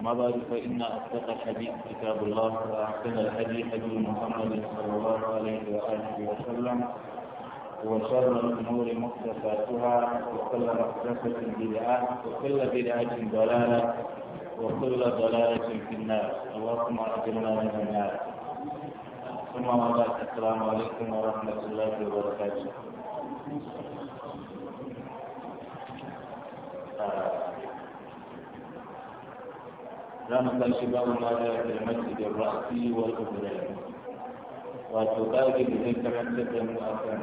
ما بعد فإن أصدق الحديث كتاب الله وأحسن الهدي هدي محمد صلى الله عليه وآله وسلم وشر الأمور مختصاتها وكل مختصة بدعة وكل بدعة ضلالة وكل ضلالة في النار اللهم أجرنا من النار ثم بعد السلام عليكم ورحمة الله وبركاته. آه، رمز شباب على المسجد الرأسي والقبلين وتقاضي بذلك مسجد المؤثر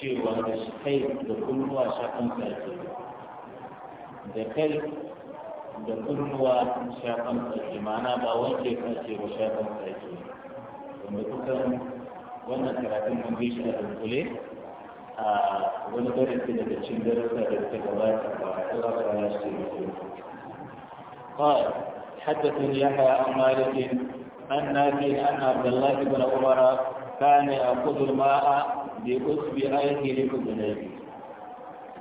شيء وهذا الشيء دخول هو شاقن سجد دخل دخول هو شاقن سجد معنى باوجه فاسي وشاقن سجد ومتكرم وانا كراتين من بيش الأدخولي وانا دارت كده تشندرسة دارت كده واحد وانا قال حدثني يحيى عن مالك عن نافع أن عبد الله بن عمر كان يأخذ الماء بأصبعيه لأذنيه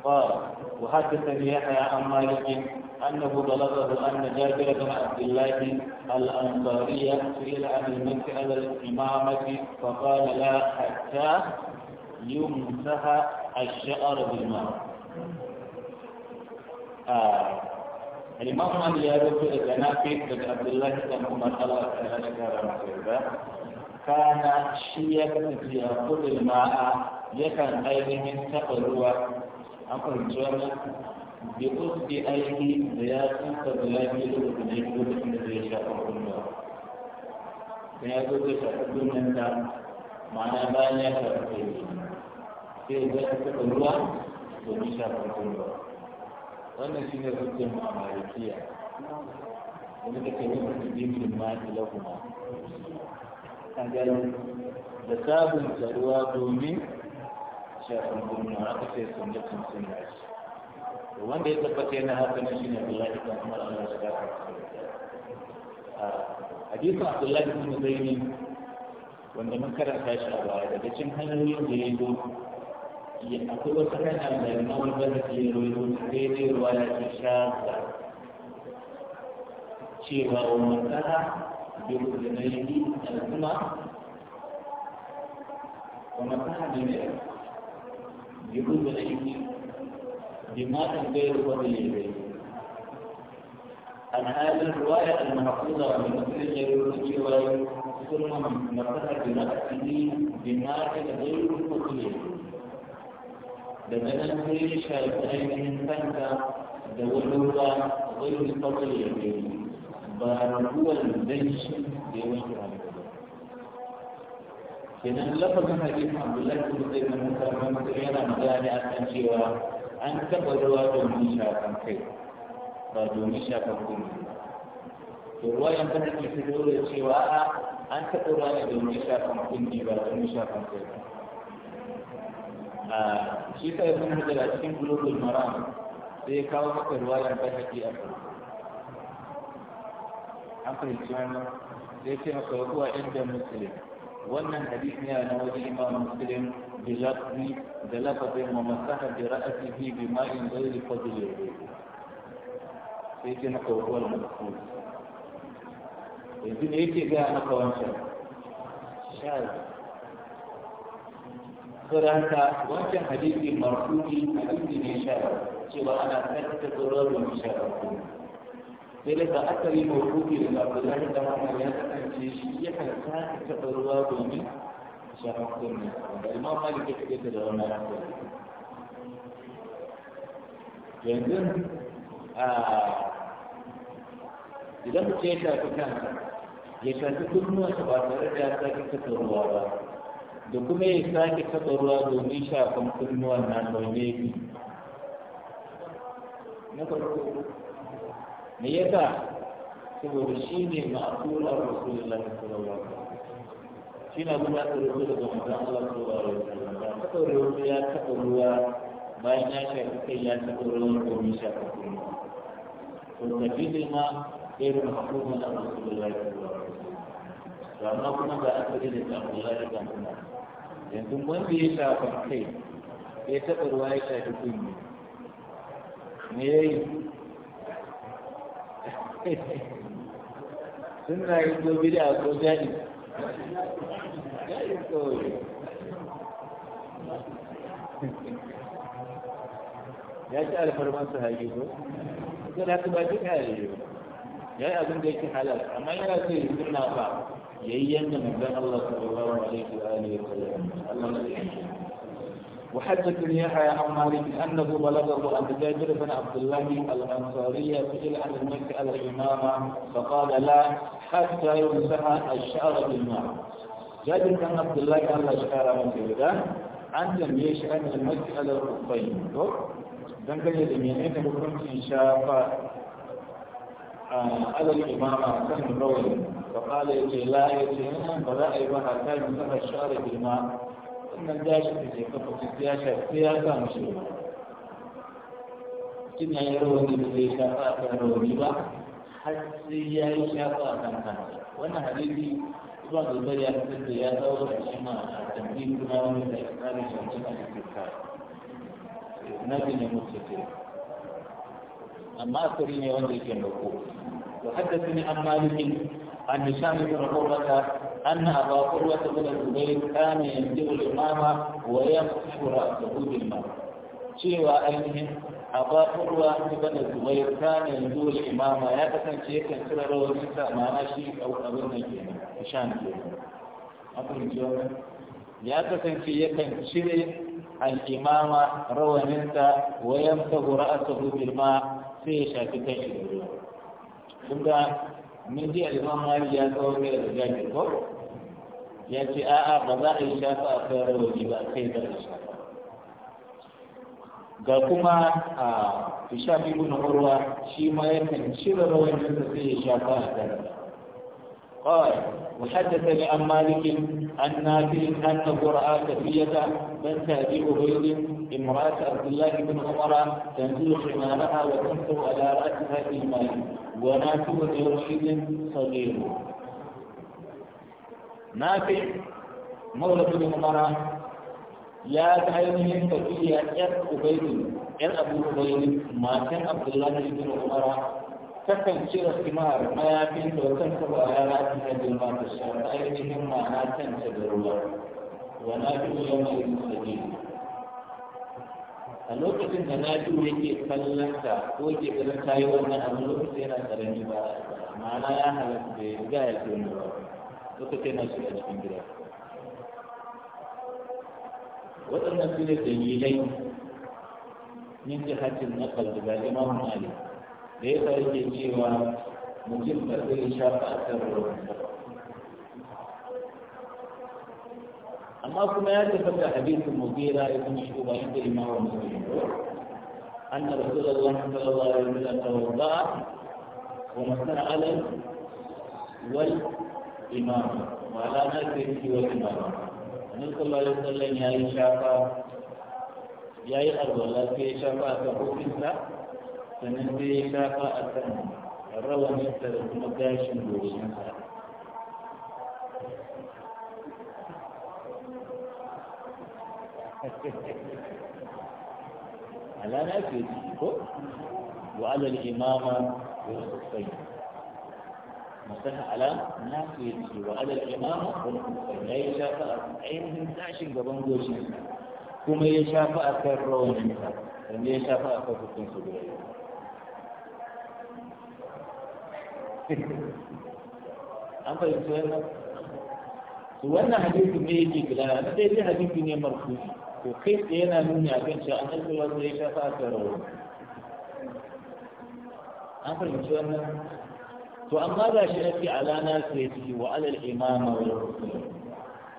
قال وحدثني يحيى عن مالك أنه بلغه أن جابر بن عبد الله الأنصاري سئل عن المسك على الإمامة فقال لا حتى يمسح الشعر بالماء آه. الإمام أحمد يا رب الجنافي بن عبد الله بن عمر الله تعالى كرم كان شيئا يأخذ الماء يكن أيهم تقلوا أقول جوانا بأسد أيه زيادة فضلان يلوك نجود من ذي الله ya zo da shafaɗin nan da ma'ana bayan ya shafaɗe sai ya zai ruwa domin shafaɗin ruwa wannan shine hujjar malikiya wani da ke yin mutumin ma ilahuma kan gano da sabon tsaruwa domin shafin gurnu aka ce sunnatin sunna ce wanda ya tabbata yana haka na shine Abdullahi kan kuma Allah ya a hadisin Abdullahi zai Zaini wanda mun karanta shi a baya daga cikin hanyoyin da ya zo أقول وسكن الإمام البزكي يروي حديث رواية شاذة شيرا أمتها بأذنيه الهما ومتها بمئة بأذنيه بماء غير فضل يديه عن هذه الرواية المحفوظة من مثل جرير رواية ثم مرتفع بنفسه بماء غير فضل يديه daga nan sai ya shafi ainihin kanka da wani ruwa zai yi kawai ya kai ba ruwan danshi da ya wanke hannu kenan lafazin hadisin abdullahi bin zai na musamman mutum yana magana a kan cewa an taɓa ruwa domin shafan kai ba domin shafan kuma to ruwa yan ta take fito da cewa an taɓa ruwa ne domin shafan kundi ba domin shafan kai ba shi ka yi sun da cikin global maram sai ya kawo maka ruwa ruwayan ta haƙi a farko an fahimci wannan sai ce maka ruwa inda musulun wannan hadis ne na waje imam muslim lafi da lafazin wa masaha bi ra'atihi bi ma'in da yi ghairi fadli sai ce maka ruwa al musulun yanzu ne yake gaya maka wancan sha saboda wancan hadisi marfu'i hadisi ne shara cewa ana tattata tsoron shara sai daga asali marfu'i da abdullahi da hamad ya kasance shi yakan sake taɓa ruwa domin shara kunna da imam malik ya kaɗe da wannan asali yanzu idan mutum ya shafi kansa ya shafi kunnuwansa ba tare da ya sake taɓa ruwa ba da kuma ya sake taɓa ruwa domin shafan kunnuwan na nauye na farko me yasa saboda shi ne ma'akular rasulullahi sallallahu alaihi wasallam shi na guda da rubutu daga manzon Allah sallallahu alaihi wasallam ta ɗaure ya taɓa ruwa bayan ya shafi kai ya taɓa ruwa domin kuma to da ma irin hukumar rasulullahi sallallahu alaihi wasallam to amma kuma ga asali da Abdullahi da Umar yanzu wanda ya shafa kai ya taɓa ruwa ya shafi kunni me ya yi Sun na yi ko bida ko jadi jadi kawai ya ci alfarman su hage ko ko da ba duka ya yi ya yi abin da yake halar. amma yana so yi suna ba يين من ذا الله صلى الله عليه وآله وسلم الله وحدثني يحيى عن مالك انه بلغه ان جابر بن عبد الله الانصاري سئل عن المسح على الامامه فقال لا حتى يمسح الشعر بالماء. جابر بن عبد الله قال لا شعر من an tambaye shi an yi matsalar kufai to dangane da mene ne hukuncin shafa a alal imama kan rawani فقال يجي لا يجي فلا أيها من يمسح الشعر بالماء ان الداشة تجي فقط الداشة فيها كمشي كنا يروني بذي شفاء يروني حسيا حسي يا شفاء كان وانا حديثي بعض البرية تجد يا دور الشماء التنبيه كما هو من الإحسان يجب أن يتكار نبي نمسكين أما أكثر من كنوكو وحدثني عن مالك عن هشام بن عروة أن أبا قروة بن الزبير كان ينزل الإمامة ويمسح رأسه بالماء cewa ainihin a ba kurwa ta bada zubai kana yanzu da imama ya kasance yakan kira rawanin sa ma'ana shi a abin ya kasance yakan cire al-imama wa yamsahu ra'sahu bil sai ya shafi kan shi da ruwa min ji ya kawo mai da jami ko ya ce a'a ba za a yi shafa a kai waje ba kai da shafa ga kuma a ishafi ibn urwa shi ma yakan cire rawajin da sai ya shafa a kai قال وحدثني عن مالك عن نافع أنه رأى كفية من تهدئ بيض امرأة عبد الله بن عمر تنزل حمارها وتنفر على رأسها في الماء ونافع يومئذ صغير نافع مولى بن عمر يا تعلمهم تقول يا عبيد يا أبو عبيد ما كان عبد الله بن عمر takan شر الثمار ما da wata على راسها في الماء ta girma ta sha ainihin ma'ana kanta da a lokacin da na najiyu yake ke ta ko yake kallon ta yi wannan abu lokacin yana tsarani ba ma'ana ya halatta da ya riga ya ce wani ba lokacin yana shiga cikin gida waɗannan su ne dalilai min jihatin nakal daga imam malik da ya fara yake cewa mutum da zai shafa a kan ruwan amma kuma ya tabbata hadisin mugira ya kuma shi ba inda imamu muslim أن رسول الله صلى الله عليه وسلم توضع ومسنا على والإمام وعلى نفسه والإمام النبي صلى الله عليه وسلم يا إشافة يا أرض الله في إشافة إشافا أتحوكسا سننتي إشافا أتحوكسا الروى نفسه المكاشن بوجهنسا على نأكد وعلى الإمامة والحسين مسح على نأكد وعلى الإمامة والحسين أي شافاء أين من تعشين قبل جوشين كم أي شافاء كرون أي شافاء كرون سبيل أما يسوي سوينا حديث ميجي كلا هذا حديث ميجي مرفوض to kai tsaye yana nuni a kan cewa annabi sallallahu alaihi wasallam ya shafa ta rawa an fahimci wannan to amma ga shi ake alana su ya ciki wa alal imama wa rasul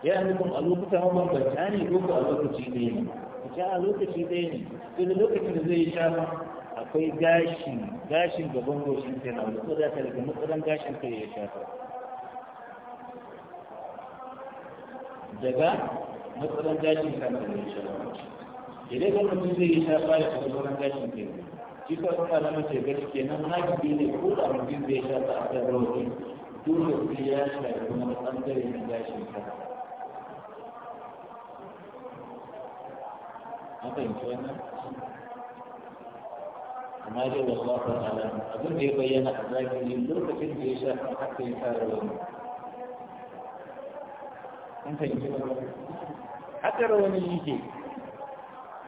ya nufin a lokuta mabambanta ne ko a lokaci ɗaya ne ku a lokaci ɗaya ne to da lokacin da zai shafa akwai gashin gashin gaban goshin kai na wasu da ta daga matsalan gashin kai ya shafa daga matsalan gashin kan da ya shafa idan kan mutum zai yi shafa ya kuma sauran gashin kai shi ka kuma na mace gashi kenan haƙi ne ko da mutum zai shafa a kan rauni dole sai ya shafi wani ɓangare na gashin kan haka yin wannan amma dai wallahu ta'ala abin da ya bayyana a zahiri lokacin da ya shafa haka ya fara wani kun fahimci haka rawani yake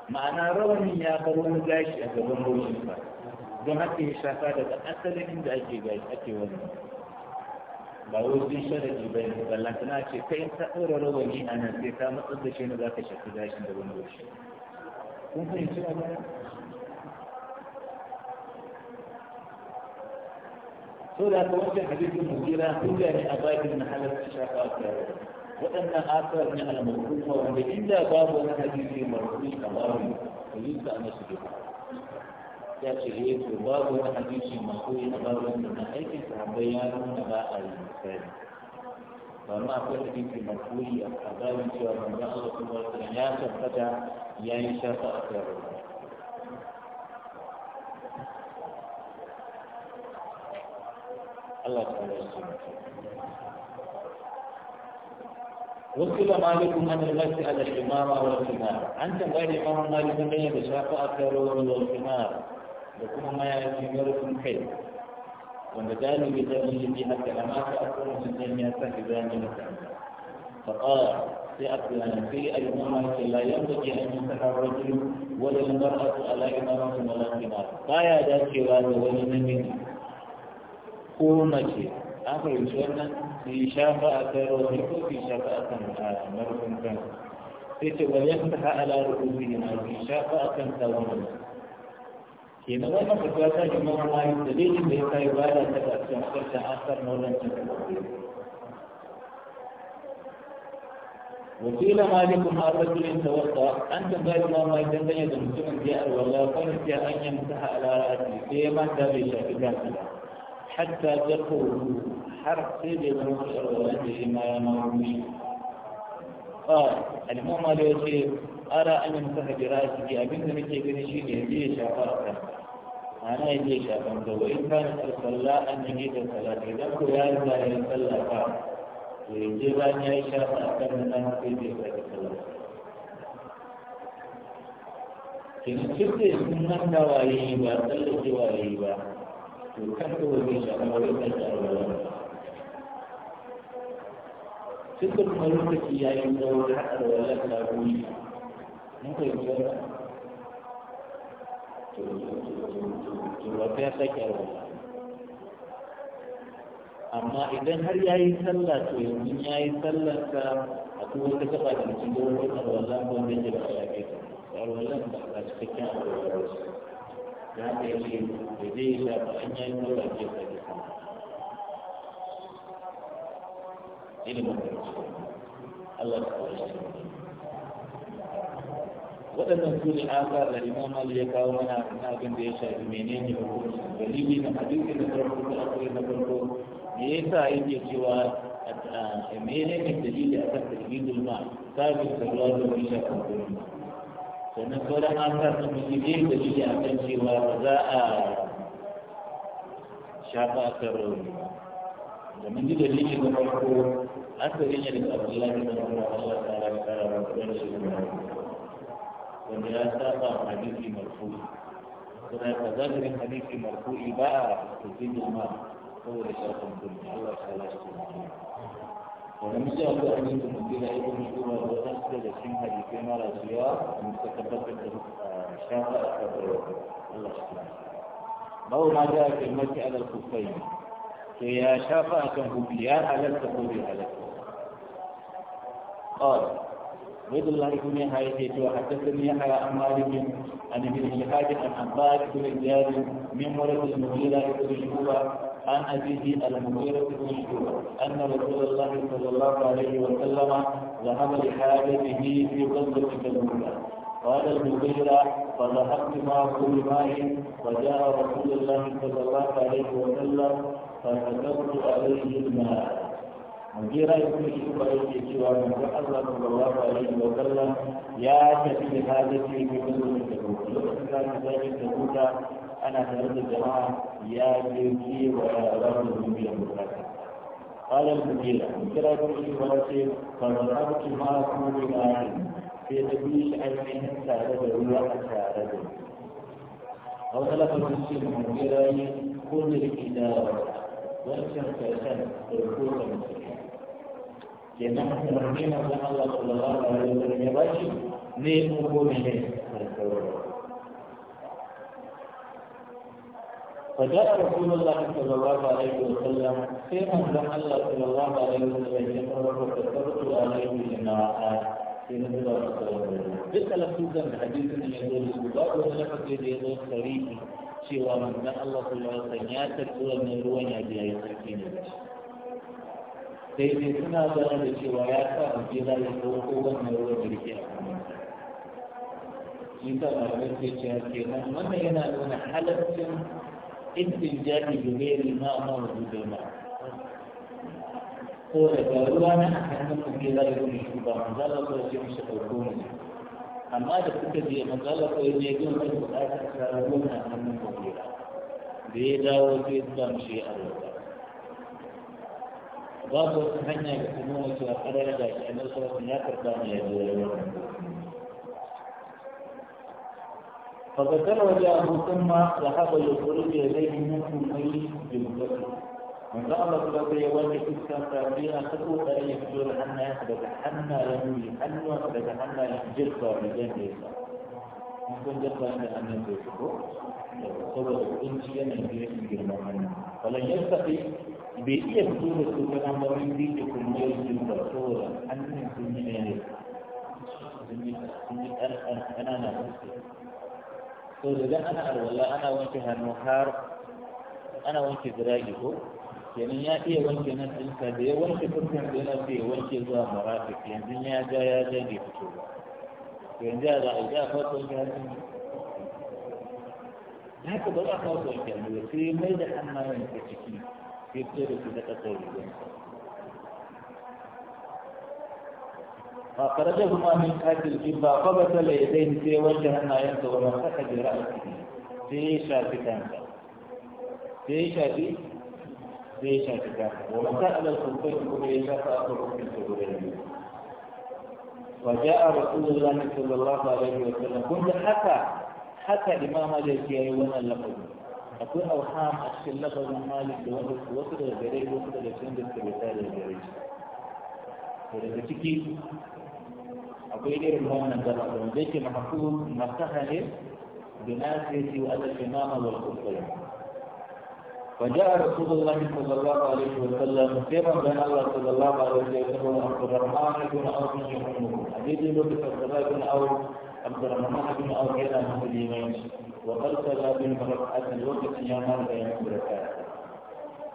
ma'ana rawani ya bar wani gashi a gaban goshin ba don haka ya shafa daga asalin inda ake gashi ake wani ba wajen sharadi ba ne ballantana ce kai ta ɗora rawani a nan sai ta matsar da shi ne za ka shafi gashin gaban goshi kun fahimci magana so da ka wancan hadisin mujira hujja ne a bakin na halatta shafa a tare da waɗannan asar ne al-mawqufa wanda inda babu wani hadisi marfu a babu fahimta a masu duka ya ce eh to babu wani hadisi marfu a babu wanda na aikin sahabbai ya nuna ba a yi misali ba ma akwai hadisi marfu a babu cewa manzo Allah kuma ya tabbata ya yi shafa a kan Allah ta yi وكل مالك من الناس على الحمار او الحمار انت غير امام مالك من يشاف اكثر والحمار لكم ما يجمركم حلم ومدان بذنب جهة أما تأكل من الدنيا فإذا فقال سيأكل في المرأة لا ينبغي أن ينتهى الرجل ولا المرأة على إمامة ولا قمار فيا ذاك وهذا ولمن منه قومك an fahimci wannan su yi shafa a kan rauni ko su yi shafa a kan marfin kan sai ce wani yasa ta ha'ala rubutu ne na su yi shafa a kan tawon ke na wannan fatuwa ta shi mawa mayu da dalilin da ya kayi ba da ta ƙarshen ƙarshen asar na wannan cikin وقيل مالك ما رجل توضا انت غير ما ما يدنيا دمتم جاء والله فنسي ان يمسح على راسه فيما تبي شافي حتى تقول حرق سيدي من شرواته ما يمرني قال الإمام اليسير أرى أن ينتهي براسك أبن من بن شيء يجي شافرته أنا يجي شافرته وإن كان صلى أن يجي الصلاة إذا يا الله يصلى فرق ويجب أن يشاف أكثر من أن يجي الصلاة إن شفت من نفسه وعيه وصلت وعيه يكفر به ويكفر له Dukkan malumci ya yi zaune haɗar walar labuni, mun kai biyar to wata ya sake arwala. Amma idan har ya yi sallah to yanzu ya yi sallarsa a kuma wata gaba da mutum da wani arwala wanda ya ba a yaƙe ta. Arwalan ba a cikakken arwala wasu. ya ka yi da zai yi shafa an yi nuna ke ilimin da ke Allah ta kawo shi waɗannan su ne da imam Ali ya kawo mana na abin da ya shafi menene hukunci Dalili na hadisi na farko da akwai na farko me yasa yake cewa menene dalili akan tajidul ma sabin da alaihi wa sallam sannan sauran asar da musulmi da shi a kan cewa ba za a shafa asar rauni da mun ji dalilin da farko asarin ya daga abdullahi kuma allah ta ala kara wa kuma shi kuma wanda ya saba hadisi marfu kuma ka zahirin hadisi marfu ba a tuzin ma saboda shafin kuma allah ta ala shi kuma wanda mutum ya ga an yi kuma gina ibn kuma da wasu da الرياض المتكبد شاطئ الكبريت الله أو ما جاء في المسجد على الخفين يا شافع كهوبيا على الكهوبي على قال رضي الله بن هايته وحدثني يحيى عن مالك عن ابن الحاج عن عباد بن الجار من ولد المغيرة بن الشوبة عن أبيه المغيرة بن الشوبة أن رسول الله صلى الله عليه وسلم ذهب لحاجته في غزوة تبوك قال المغيرة فذهبت معه بماء فجاء رسول الله صلى الله عليه وسلم فكتبت عليه الماء مغيرة يقول شوف أيدي سوى من الله صلى الله عليه وسلم يا كفي حاجتي في غزوة تبوك لو كان ذلك تبوك أنا سألت الجماعة يا كفي ويا رب المغيرة قال المدير كلا يقول لي ورسيم ما معكم الآن في تبيش أن سارد ولا أسارد أو ثلاثة مسلم مديري كل الإدارة وأنسان كأسان تقول المسلمين لأن نحن رمينا الله صلى الله عليه وسلم يباشر ليه أقول ليه فجاء رسول الله صلى الله عليه وسلم كيف ان الله صلى الله عليه وسلم يقرأ فكتبت عليه جماعات في نزل رسول الله بسأل سوزا من حديث من يقول الباب ولفت يقول خريفي شيوا من الله صلى الله عليه وسلم ياتك هو من روان يبيع يسكين sai dai suna zama da cewa ya sa mutum za ya ɗauko wannan ruwan jirgi a hannunsa shi sa malamai sai ce kenan wannan yana nuna halaccin istinjabi da gairi ma ma wujudai ma ko da garuwa na a kan nan ke za a yi shi ba manzala ko ce mishi ɗauko mu amma da kuka je manzala ko ne yin wani buƙatar sararwa na hannun babira da ya dawo sai zuwa mishi a babu wata hanya da kuma wasu a ƙarar da shi a nasarar ya karɓa ne ya ya yi فذكر وجاءه ثم ذهب يخرج إليه منكم أي بالكفر من ذهب الذي يواجه تلك فيها تقول أن يحجر حنا يتحنى يموي حنا يتحنى يحجر فمجان يسا ممكن جدا أن أن يتوشكو سبب إنشيا من جيش الجرمان فلن يستطيع بإيه بدون السلطان مرين دي تكون يجب الرسول أن يكون يجب أنا أنا أنا to idan ana alwala ana wanke hannu har ana wanke zirage ko kenan ya iya wanke nan ɗinsa da ya wanke fuskan da yana ya wanke zuwa marafik yanzu ya ja ya ja bai fito ba yanzu a za a ja fata wanke hannu haka ba za a fata wanke hannu sai mai da hannayen ta ciki sai fito da su da ƙasar rigansa فأخرجهما من أكل الجبا فبتل يديه في وجه النايم ومسح برأسه في شافتان في شافي في شافتان ومسح على الخفين كبيرة فأخرج في الكبيرة وجاء رسول الله صلى الله عليه وسلم كنت حتى حتى الإمام مالك يوانا اللفظ أكون أوهام أشكل لفظ مالك لوحده وصل الجريج وصل الجريج وصل الجريج وصل الجريج akwai irin wannan da ba da yake mahfuz masaha ne wa al-imama wal فجاء رسول الله صلى الله عليه وسلم سيرا بين الله صلى الله عليه وسلم عبد الرحمن بن عوف يحمه حديث لبس عبد الله بن عوف عبد الرحمن بن عوف الى مسلمين وقد سلا بن مرقعه الوقت يا مال بين بركاته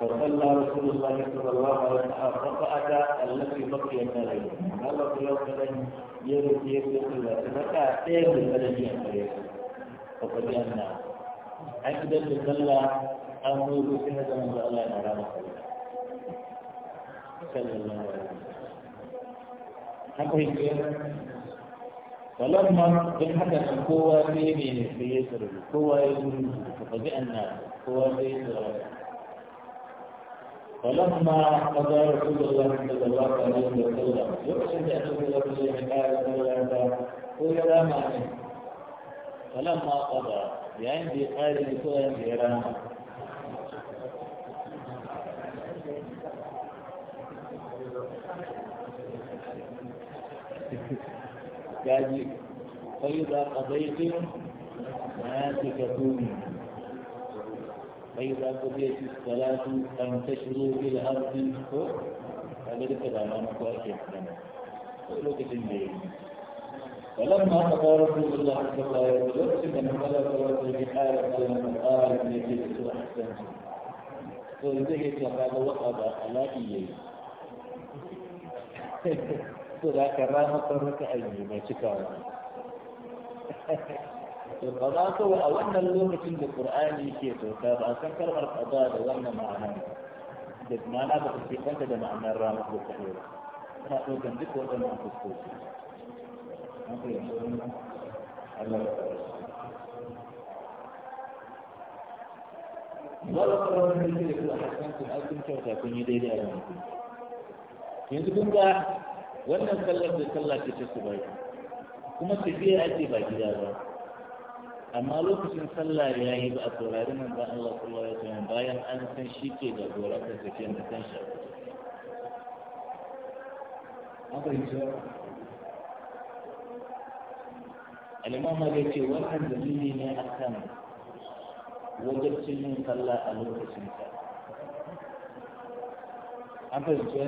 فصلى رسول الله صلى الله عليه وسلم ركعة التي بقي النبي هذا في يوم من يوم يوم الله ركعتين من النبي فقد أن عند صلى أمر سنة من الله نرى صلى الله عليه وسلم كيف فلما بالحدث القوة في يمينه في يسره القوة يمينه فقد أن قوة في يسره فلما قضى رسول الله صلى الله عليه وسلم يقسم بأنه رسول الله صلى الله عليه وسلم قل لا مانع فلما قضى يعني قال لكل إيران قال فإذا قضيتم ما تكتمون فإذا قضيت الصلاة فانتشروا في الأرض هذا كذا ما نقول لوكتين دي فلما قال رسول الله صلى الله عليه وسلم ان فلا صلاه الجهاد على من قال ان يجلس احسن فلذلك فقد وقض على ايديه فذاك رامه الركعين ما شكاوى القضاء هو أولا اللون في القرآن يكيته فأبعا سنكر القضاء هذا وانا معنا جد ما نابق في قنت هذا معنا الرامق بالتحيير فأقول كان ذكو هذا معنا في السوسي Wala kwa wani ne ke kula hakan kun aikin kyauta kun yi daidai a yanzu. Yanzu kun ga wannan sallar da sallah ke ta su bai. Kuma tafiya ake ba gida ba. amma lokacin sallah ya yi ba a saurari nan ba Allah sallallahu alaihi wasallam bayan an san shi ke da goratar tafiyar da kan shi an fahimci alimama ya ce wannan dalili ne a kan wajabcin yin sallah a lokacin sa an fahimci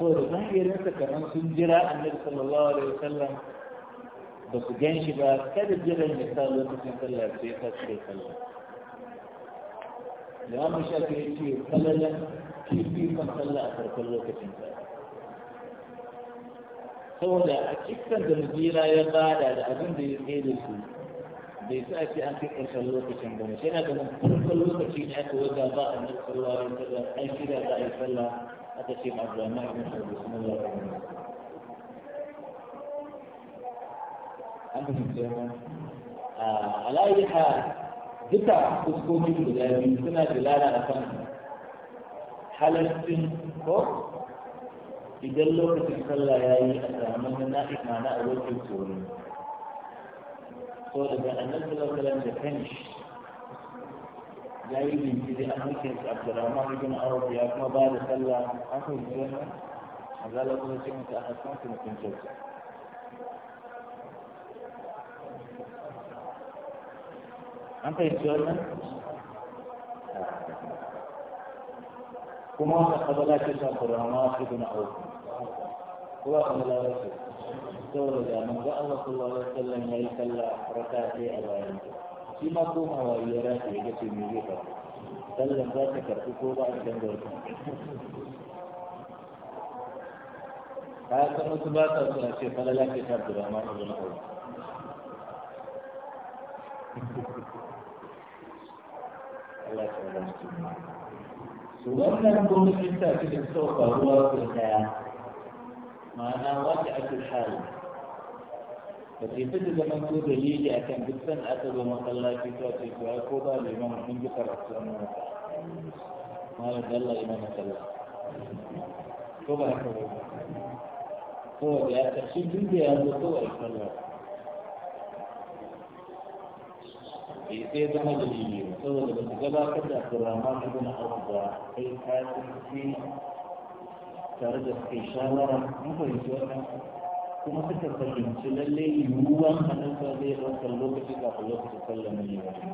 ko da zahirinsa kamar sun jira annabi sallallahu alaihi wasallam بس جنشي بقى كده جدا مثال لكم كلا في خط في خلا لا مش أكيد في خلا لا في في خط خلا أكتر كل وقت إنسان هو لا أكيد كان دمجيرا يبقى على أبن دي غير شيء بس أكيد أنت كل خلا وقت إنسان شئنا كم كل خلا وقت شيء أكو إذا ضاع من الله إنسان أي شيء ضاع إنسان هذا شيء عبد الله بسم الله الرحمن الرحيم an fahimce mu ala yi ha duka fuskoki guda biyu suna dilala a kan halarcin ko idan lokacin sallah ya yi a samu na imana a wajen tsoro so daga annabi sallallahu alaihi da kanshi ya yi bincike an hukin sa Abdurrahman ibn Awf ya kuma ba da sallah an hukin sa a zalatu sun ta hasan kun kun tsoro أنت يسألنا كما أخذ لا شيء سأخذ وما أخذ نعوه هو أخذ لا رسول سورة جاء من جاء الله صلى الله عليه وسلم يلقى الله ركاته أبا ينجو سيما قوم هو إيراتي يجسي ميجيكا سلم ذاتك الكوبة عندما يكون هذا مثبات أصلا شيء فلا لا شيء سأخذ وما أخذ نعوه Allah ta zama su su wannan gwamnatin ta cikin sauka ruwa su daya ma'ana wata ake hali ba ce fi zaman ko dalili a kan duk san aka zo masallaci ta ce ko ko ba liman mun ji karatu wannan wata malam dalla imam sallah ko ba haka ba ko da ya ta shi duk da ya zo kawai sallah في سيد أهل الإيمان سوى لبتجلى كده عبد الرحمن بن عوف أي حاسب في تارد استشارة مفهمت وانا kuma suka fahimci lalle yiwuwan hannunsa zai ɗaukar lokaci kafin lokacin sallar mai wani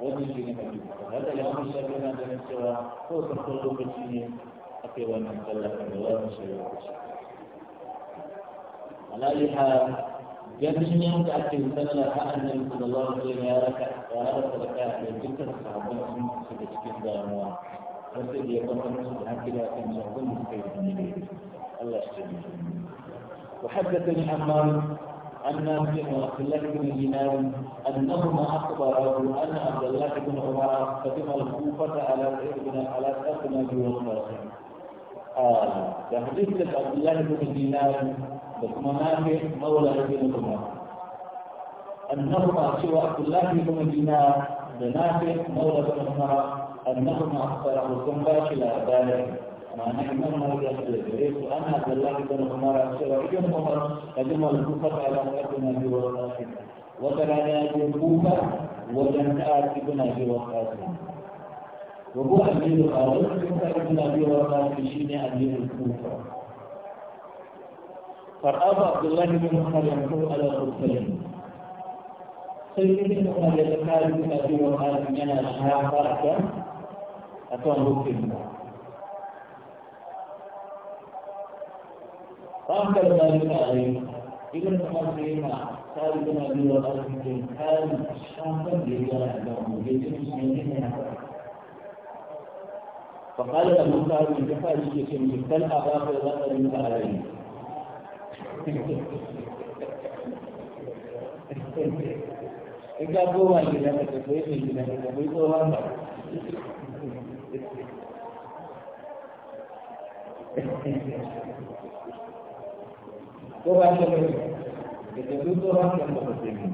wannan shi ne mafi haka ya mun shafi na ganin cewa ko farkon lokaci ne aka yi wannan sallar da wani shi lokaci alaliha يمكن أن تأتي مثلا أن صلى الله عليه وسلم يا لك يا لك لك من تلك الصحابة هم في تشكيل دارهم وسيد يكون أنهم هكذا أن يكون في الدنيا الله يشتري وحدثني حمام أن نافع وعبد الله بن دينار أنهما أخبراه أن عبد الله بن عمر قدم الكوفة على ابن على ابن أبي وقاص. آه، تحديث عبد الله بن دينار لكما نافع مولى ابن عمر أنهما سوى عبد الله بن دينار لنافع مولى بن عمر أنهما أخبرهكم باشلا ذلك معناه أنهما يجلس أن عبد الله بن عمر سوى ابن عمر قدم الكوفة على ابن أبي وقاص وكان الكوفة وجنات ابن أبي وقاص وهو أمير الأرض ابن أبي وقاص شين أمير الكوفة فرأب عبد الله بن عمر يمر على الرسلين سيدنا عمر يتكلم في وقال من الشهر فرحة أتوان بكتنا فأخذ ذلك عليه إذا نحن فيما قال ابن أبي وقال ابن كان الشهر فرحة لأنه يجب سنين فقال أبو سعد من كفاية شيخ من كل أعراف الغفر من أعرابه in ka goma gida ka tafi mai gida ka tafi tsohon ba ko ba ta mai ka tafi tsohon kan ba ka tafi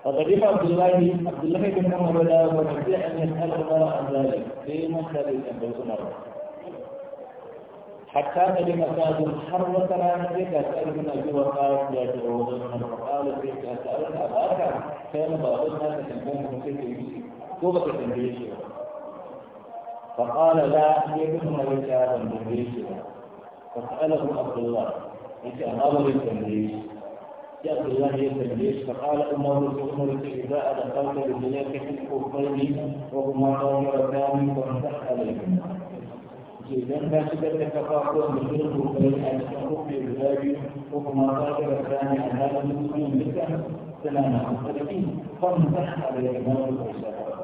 فقدم عبد الله عبد الله بن عمر ولا ومسيح ان يسال عمر عن ذلك في مسألة ابو عمر حتى قدم كاد حرة لا أسألك من أبي وقاص يا من فقال فيك أسألنا أباك كان بابنا تتنبهه في فيك كوبة تنبيش فقال لا يبن ملك هذا التنبيش فسأله عبد الله أنت أمر تنبيش يا عبد الله يا تنبيش فقال أمر أمرك إذا أدخلت بجلاك في الكوفين وهما قوم ركام فامسح عليهم إذا ما شدت التفاقم بشرك بين الشرق والغرب وكما ذكر الثاني أن هذا المسلم مثله سلامة المختلفين فامسح على الإمام الأشعري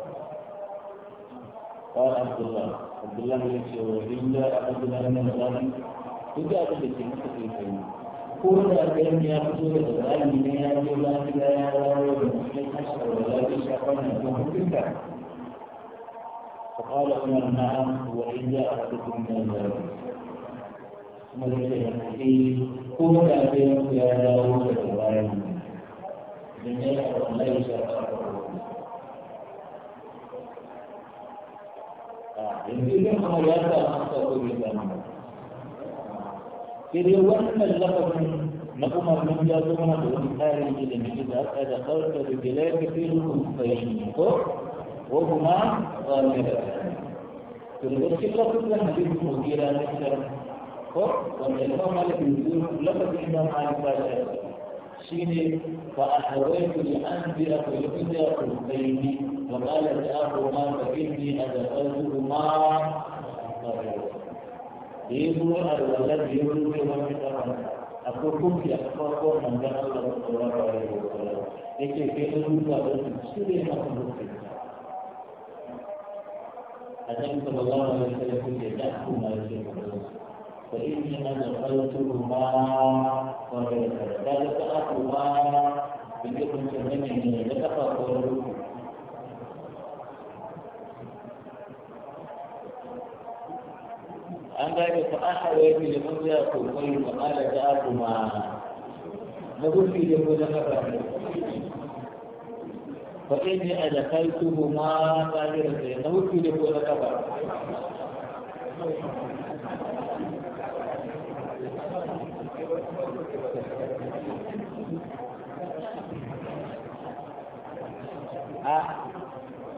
قال عبد الله عبد الله بن سعود عبد الله بن الغالي وجاء بالتلميذ في كل أيام يأخذون الغالي من أيام لا إله إلا الله ومسلم أشهر ولا يشهر من بالكعبة فقال عمر نعم وإلا أخذكم من الغرب ثم ذكر الحديث آه، كنت يا داوود الغرب ليس إذا وأن اللفظ من جازمنا بالإنسان إلى مجد هذا قلت بجلاك في الخفين وهما غالبان تنظر فكرة كلها حديث مغيرة نفسها والإمام مالك يقول لقد الإمام مالك شيني فأحويت لأنذر فلقي قلبين وقال الآخرما فإني أدخلتهما إذن الولد يرجو من أقولكم في أخباركم أن الله صلى الله عليه وسلم لكي يكون هذا الشيء ما النبي صلى الله عليه وسلم يدعه ما يشركون فإنما دخلتهما وغير ذلك أخوما بكم كمن يتفقه an gane ku an hawaye da mun فإني أدخلتهما طاهرتين وكيل يقول كبر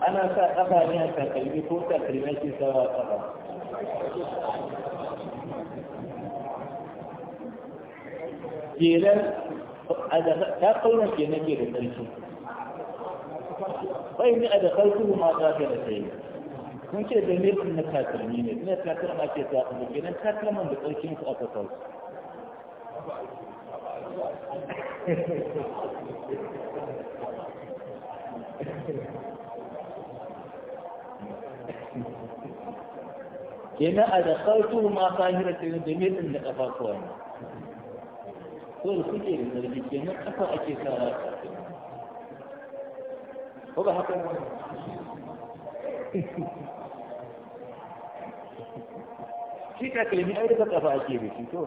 أنا سأقفى من التقليد فوق تقريباتي سوا قفى كيلا ta كيلا كيلا ke da sarki bai ni a da kalku ma za ka da sai kun ce da ne na takalmi ne ina takalma ke ta kuma gidan takalman da tsarkin su aka kawo kenan a da kalku ma sahira ce da ne da kafafuwa ne ko da suke da zargi kenan kafa ake sa وضح shi ka kalmi ai da kafa ake da shi to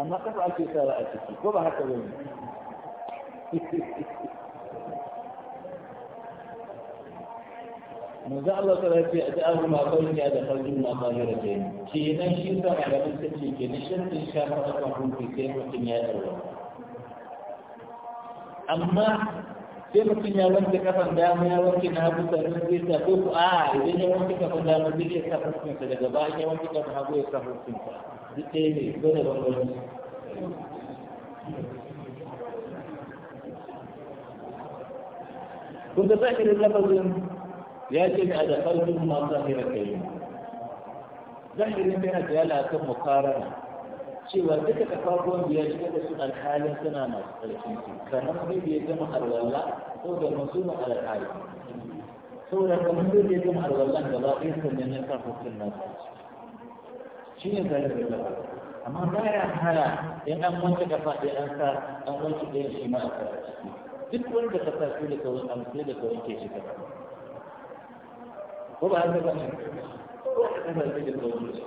amma kafa ake sawa a ciki ko ba haka bane manzo Allah ta rafi a da abu ma kawai ya da kallon ma zahira ce kenan shi da malamin ta ce ke nishin din shafa a kan hunki sai mutum ya tsaro amma sai mutum ya wanke kafan dama ya wanke na hagu sannan zai sa ko ku a idan ya wanke kafan dama zai iya sa fuskinsa daga bayan ya wanke kafan hagu ya sa fuskinsa duk ɗaya ne ko da bambanci kun da lafazin ya ce ne a da farkon masu zahirar kai zahirin yana da yala akan mukarara cewa duka kafafuwan biyar duka da su alhalin suna masu tsarki kamar sai bai zama alwallah ko da masu na alhali saboda kamar mun da zama alwallah da ba ɗaya sannan ya sa hukun na shi ne zai da amma ba ya hana in an wanke ka faɗi an sa an wanke ɗaya shi ma a sa duk wanda ka sa shi da kawai an sai da kawai ke shi kafa ko ba haka ba ne ko ba haka ba ne da kawai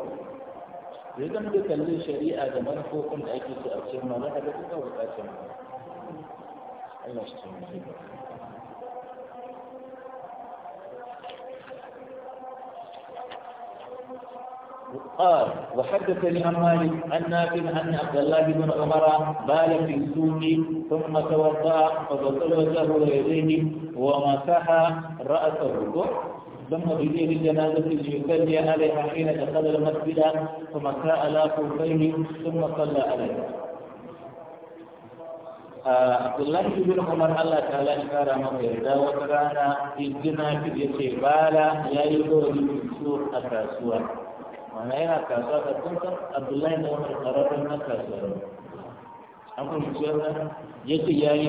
idan bai kalli shari'a da manufofin da ake so a cikin ma za ka ga duka bukatun ma Allah shi cikin shi قال وحدثني عن مالك عن نافع ان عبد الله بن عمر بال في السوق ثم توضا فغسل وجهه ويديه ومسح راسه لما بيديه الجنازة ليصلي عليها حين دخل المسجد فمكى لا كوفيه ثم صلى عليها. آه، عبد الله بن عمر الله تعالى إشارة مغيرة وكان في الجنة في بالا لا يدور السوق الكاسوة. وانا هنا كاسوة تكون عبد الله بن عمر قرر أنها كاسوة. أقول يا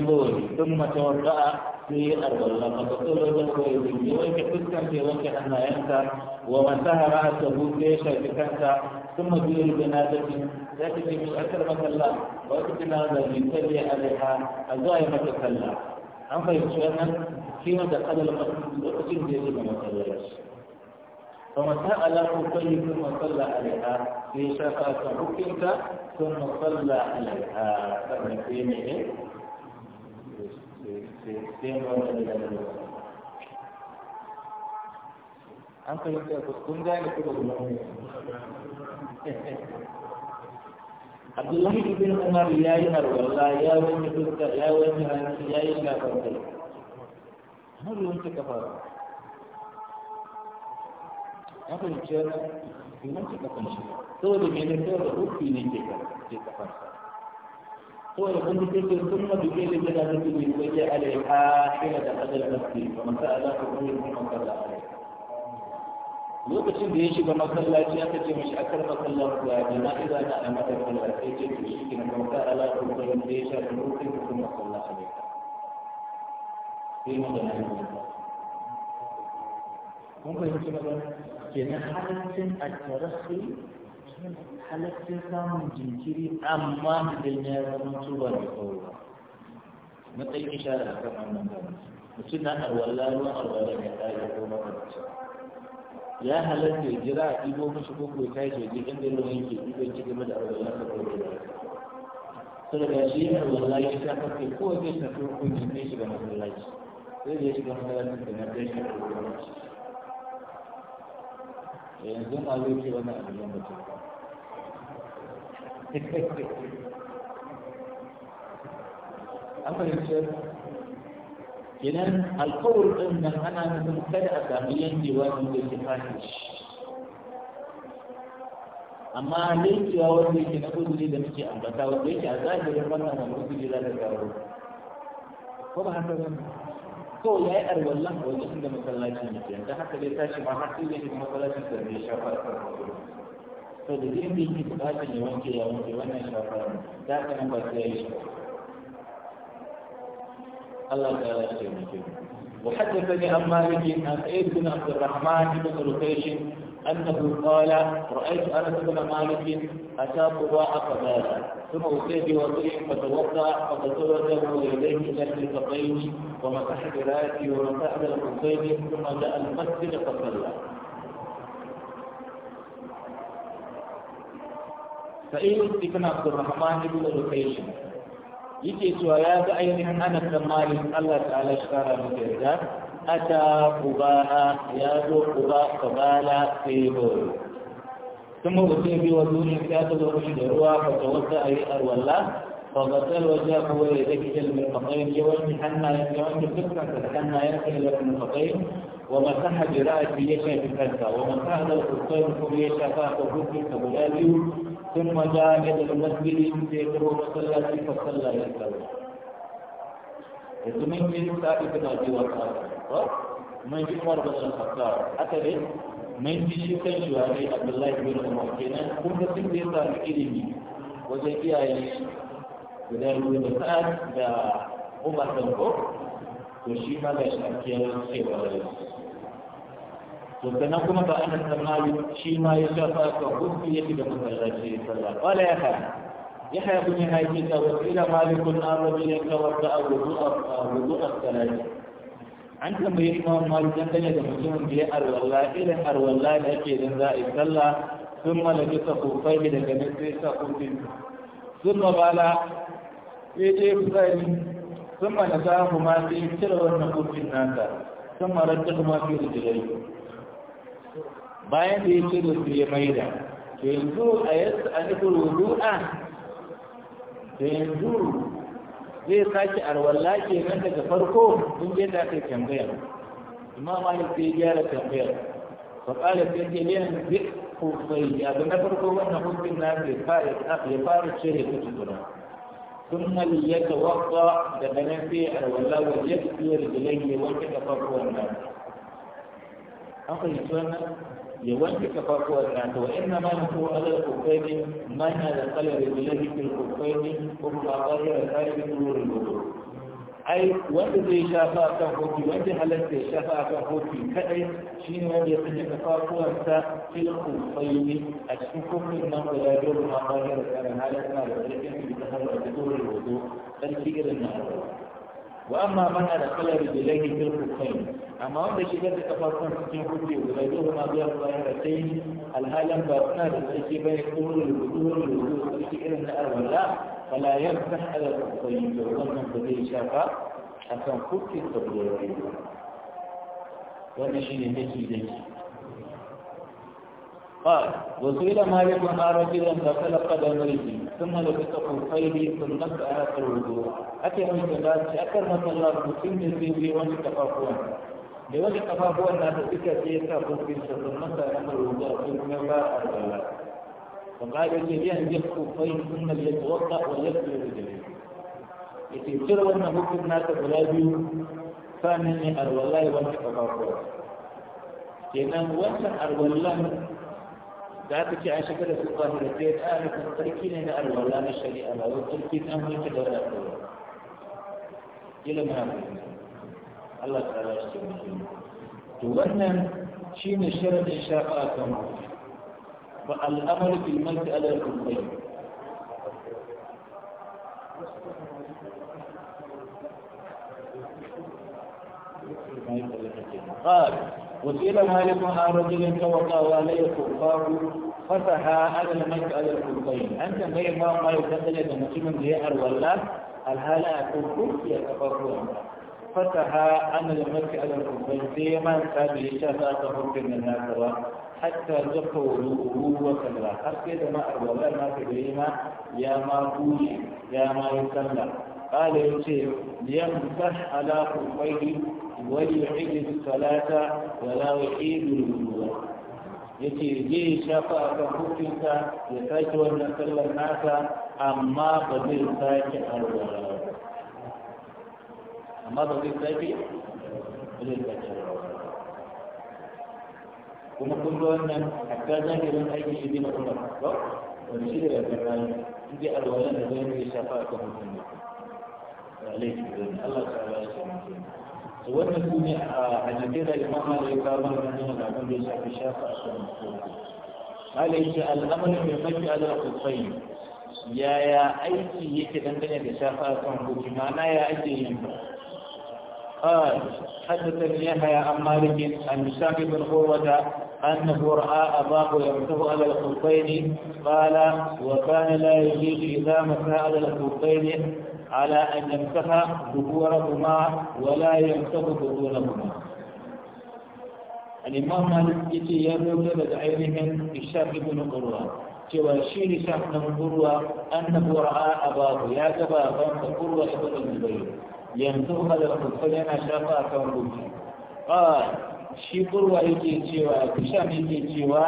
ثم توضأ في أرض الله فقد تذكر في وجه حنايتك ومن سهر على الثبوت في ثم دير بنادك ذاتك من أكرمك الله وأكرمنا من تبي عليها الزائمة كلا عن خير شيئا فيما دخل المسجد دير بنادك فما سأله طيب ثم صلى عليها في شركة حكمك ثم صلى عليها فمن فيه an fahimta kun gane kuma da Abdullahi ibn Umar ya yi harwalla ya wani fuska ya wani hannu ya yi kafar kai. Har ta kafa. Ya fahimci yana wanke kafan shi. Saboda mai da da hukumi ne ke kafa. هو يقول لك ثم بكل جنازة من وجه عليها حين دخل المسجد ومن سأل فقول من صلى عليه lokacin da ya shiga masallaci aka ce mashi akar masallaci ya ji na iza na a mata masallaci ce to shi ke na mata alaƙar da da ya shafi lokacin da kuma masallaci ne sai mu da na yi mun fahimci magana kenan halaccin a tarasi halatta samun jinkiri amma idan ya zama tuba da kawo matsayin ishara a kan wannan gani mutum na arwalla ruwan arwalla ya tsaya ko makamci ya halatta ya jira a ɗibo mashi ko kuwa kai shi jikin da ruwan yake ɗiban ci game da arwalla ka ko da sai da shi ya arwalla ya sha kafe ko zai tafi hukuncin ne shiga masallaci sai da ya shiga masallaci da na ɗaya shi a yanzu ma zai ce wani abin da mutum an fahimci kenan alkawar ɗin nan ana nufin kada a sami yankewa wanda ke fahim shi amma yankewa wanda yake na kuzuri da muke ambata wanda yake a zahirin wannan wanda kuzuri za ta gano ko ba haka ba ko ya yi arwallan a wajen da masallaci masallacin yake yanzu haka dai tashi ma har sai zai masallacin da bai shafa a kan to da zai bi ki bukatar ya wanke ya wanke wannan shafara وحدثني عن مالك عن سعيد بن عبد الرحمن بن رقيش انه قال رايت انس بن مالك اتى قضاء فبالا ثم اتي بوضوء فتوضا فتزوجه يديه الى الفقين ومسح براسي ومسح الخفين ثم جاء المسجد فصلى فإن ابن عبد الرحمن بن لقيش يجي سوايا بأيها أنا كمال الله تعالى شكرا مجردا أتى قباء يادو قباء قبالا في بول ثم أتي في ودون الكاتب الرشد روا فتوزع يأر الله فغسل وجاءه ويدك جل من قطين يوم حنا يوم فكرة حنا يأتي لك من قطين ومسح جرائك بيشا في كذا ومسح ذلك القطين في بيشا فاقه في كبلاليو ثم جاء إلى المسجد يدعو فصلى فيه فصلى يسأل يتمين من سائق نادي وقال من عمر بن الخطاب أتري من شيكن شواري عبد الله بن عمر كنا كم تسين دي سائق إلمي وزي إياه guda biyu da sa'ad da umar danko to shi ma ga shi ake cewa da to sannan kuma ba ana samari shi ma ya sha shafa ka gudu ya shiga masallaci ya salla wala ya haya ya haya kun yi haiki ta wasu ila malikun arabi ya kawar da abubu a salati an tambaye imam malik dangane da mutumin da ya arwalla irin arwalla da ake dan za a yi salla sun malaki sa kufai da daga sai sa kufin sun mabala sai dai fitsari sun malaka kuma sai cire wannan kufin ta, sun marar da kuma fi da jirage bayan da ya ce da su ya maida yanzu a yadda a nufin rudu'a da yanzu zai sake arwallah ke nan daga farko in je aka yi tambayar amma ma ya ce gyara tambayar ba ƙala ta yi ne yanzu zai kusai abu na farko wannan hukumin na zai fara ya fara cire ta tuntura sun mali yadda wakwa da ganin sai arwallah wa yadda su yi rigilai ne wanda ka farko wannan an fahimci wannan يوجه تفاقوة ذاته وإنما نقول على الكفين ما هذا القلب الذي في الكفين هم ظاهر خارج نور الوضوء أي وجد الشفاء كفوتي وجه لك الشفاء كفوتي كأي شين وجد تفاقوة في الكفين أشككم من لا يجب ما ظاهر كان هذا ما لكن بتخلق نور الوضوء فالفكر النهار wa amma man adkhala rijlaihi fil khuffayn amma wanda shigar da kafafuwan cikin hujje guda biyu a biya zahiratain alhalan ba suna da sarki bai kullul wuduhul wuduh sarki irin na alwala fala yamsah ala khuffayn to wannan ba zai shafa akan kuffin da guda biyu wannan shi قال وسئل مالك عن رجلا فخلق قدميه ثم لبس خفيه ثم اخر الوضوء اتي من الناس اكرمك الله مسلم في في وجه تفاقون لوجه تفاقون ناس بك سيسا خفيه ثم اخر الوضوء ثم باء الصلاه فقال الذي ينجح خفيه ثم ليتوضا وليغسل رجليه يتيسر وانه ممكن ناس ولا بيو فانني الولاء وانت تفاقون kenan wancan arwallan da aka ce an shiga da su zahira sai ya tsara kuma sarki ne na alwala na shari'a ba wai sarki an mulki da wani alwala ilimin hankali Allah ta ala shi mutum to wannan shi ne sharadin shafa kan ba al'amalu fil mulki ala al-kubayy قال وسئل مالك عن رجل توقع عليه الكفار فسها على المسألة الكفين أنت بين ما ما يكتل إذا مسلم به ولا الهلا أكون كفية تفرقون فسها على المسألة الكفين فيما كان شفاء تفرق من الناس حتى زق وضوءه وكذا حتى ما الولاة ما تدريما يا ما كوشي يا ما يصلى قال يوسف ليمسح على كفيه وليعيد الصلاة ولا يعيد الوضوء yace zai shafa a kan hukunta ya sake wannan sallar nasa amma ba zai sake arwara amma ba zai sake ba zai sake arwara kuma kun ga wannan hatta zahirin aikin shi na umar ba wani shi da ya rani in dai arwara da zai shafa a kan hukunta ba laifi ba ne Allah ta ya shi mutum wannan su ne a hadisai da imam Ali ya kawo mana nan da abin da ya shafi shafa a kan Allah ya ce al'amari mai mafi ala kufayi yaya aiki yake dangane da shafa a kan hukumi ma'ana ya ake yin ba قال حدثني يحيى عن مالك عن هشام بن عروة أنه رأى أباه يمسه على الخفين قال وكان لا يجيد إذا مسح على الخفين على أن يمسح ظهورهما ولا يمسح ظهورهما الإمام مالك يجي يروي كذا من الشاب بن قروة جوا شين الشاب بن قروة أن برعاء أباه يا جبا فان قروة ابن الزبير يمسح هذا الخلق فلينا شافا كونه قال شي قروة يجي جوا الشاب يجي جوا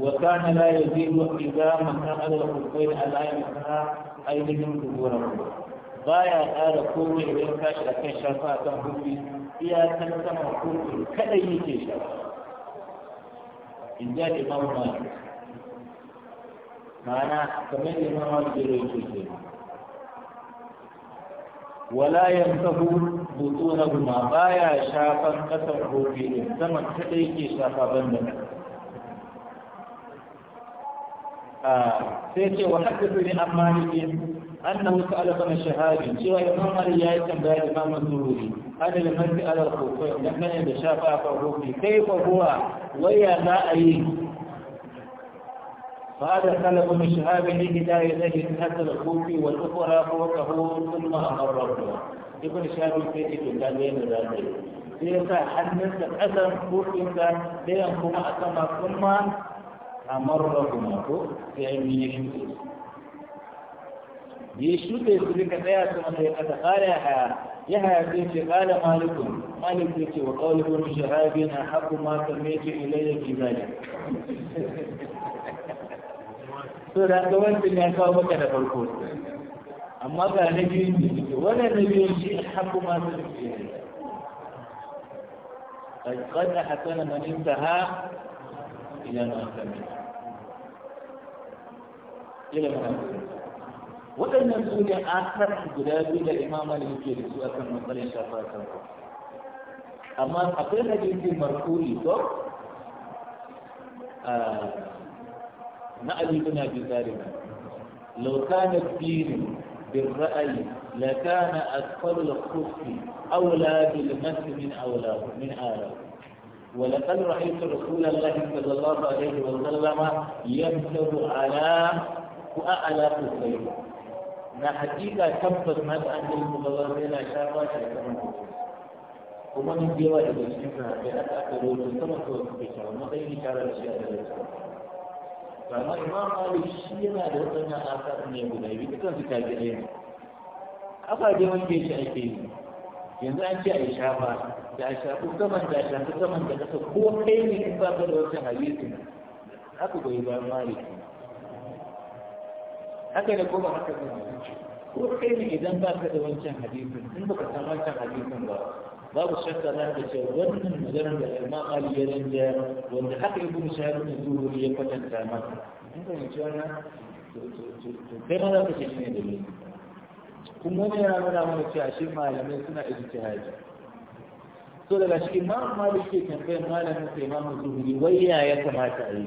وكان لا يزيد إذا مكان هذا الخلقين ألا يمسح أي من ظهورهما baya ƙara komai idan kashi a akan shafa a kan akan hukumi iyakar saman kada yi ke shafa in ja imam malik ma'ana kamar da imam malik da yake ke wala yantahu guma baya shafan kasan hukumi saman kadai yake shafa banda ah, sai ce wa haddasa ne an malikin أنه سأل بن شهاب سوى إمام علي يتنبأ الإمام الزهري أنا لمن على الخوفين نحن عند شافع فالروفي كيف هو ويا ما أيه فهذا سأل بن شهاب لهداية جهة الخوفي والأخرى فوقه ثم أقربه ابن شهاب في كتابين ذلك sai sa hannunsa ƙasar kofinsa ɗayan kuma a sama kuma a marar kuma ko sai ya yi shi يشوت يسلك تياس من قال يا حياة يا حياة قال مالك مالك يتي وقول ابن شهاب أحب ما سميت إلي في ذلك سورة كوانت اللي أكاو بك لفرقوت أما قال نبي ولا نبي شيء أحب ما سميت إلي قد أحسن من انتهى إلى ما سميت إلى ما سميت waɗannan su ne akar guda biyu da imam malik yake da su akan matsalar shafa kan amma akwai hadisi marfuri ko na ali bin abi talib law kana ad bil ra'yi la kana asfar al-khuf awla bil mas min awla min ala ولقد رأيت رسول الله صلى الله عليه وسلم يمسح على وأعلى خفيه Na hakika tabbas na da an ba kuma na sha shafa shi a saman kuma mun yawa wa daga cikin sahabbai aka aka rubuta sama to bai kyau matsayin ishara da shi a daga ba ma imam malik shi yana da waɗannan asar ne guda biyu dukkan su ta ji ɗaya ne kafaje ke shi ake yi yanzu an ce a yi shafa da a shafi saman da a shafi saman da kasa ko kai ne in ba ka da wata hadisi haka bai ba malik ne haka da kuma haka da ko kai ne idan ba ka da wancan hadisin in ba ka san wancan hadisin ba babu shakka za ka ce wannan maganar da imam ali ya rinja wanda haka ibn shahab ne zuhuri ya kwatanta maka in ka yi wannan to kai ma za ka ce ne dalili kuma wani yana nuna mana cewa shi malamai suna ijtihadi so daga cikin imam malik ke tambayar malamin sai imam zuhuri wai ya kamata a yi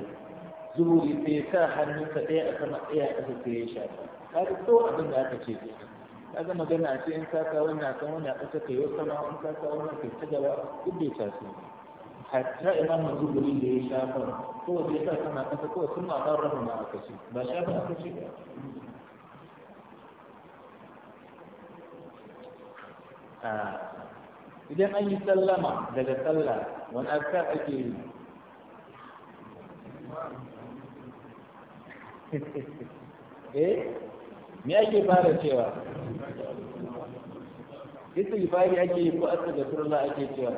zuhuri sai ya sa hannunsa ɗaya a sama ɗaya a ƙasa sai ya shafa ka ga so abin da aka ce ke ka ga magana a ce in ka sa wannan kan wani a ƙasa ka yi sama in ka sa wannan ka ta gaba duk bai taso hatta imam zuhuri da ya sha shafa da ya sa sama ƙasa kowace sun ma ƙarar ma aka ce ba shafa aka ce ba idan an yi sallama daga sallah wani aka ake yi eh me ake fara cewa istighfari ake yi ko astaghfirullah ake cewa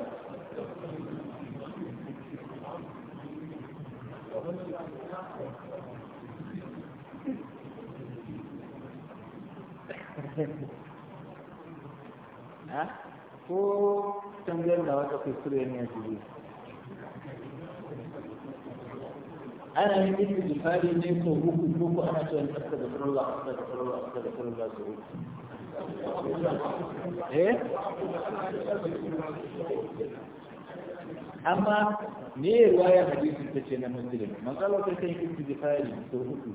ah? ko tambayar da wata kuskure ne a cikin ana yin istighfari ne ko uku ko ko ana cewa astaghfirullah astaghfirullah astaghfirullah su eh amma ne riwaya hadisi ta ce na muslim man kala ta kai istighfari ko uku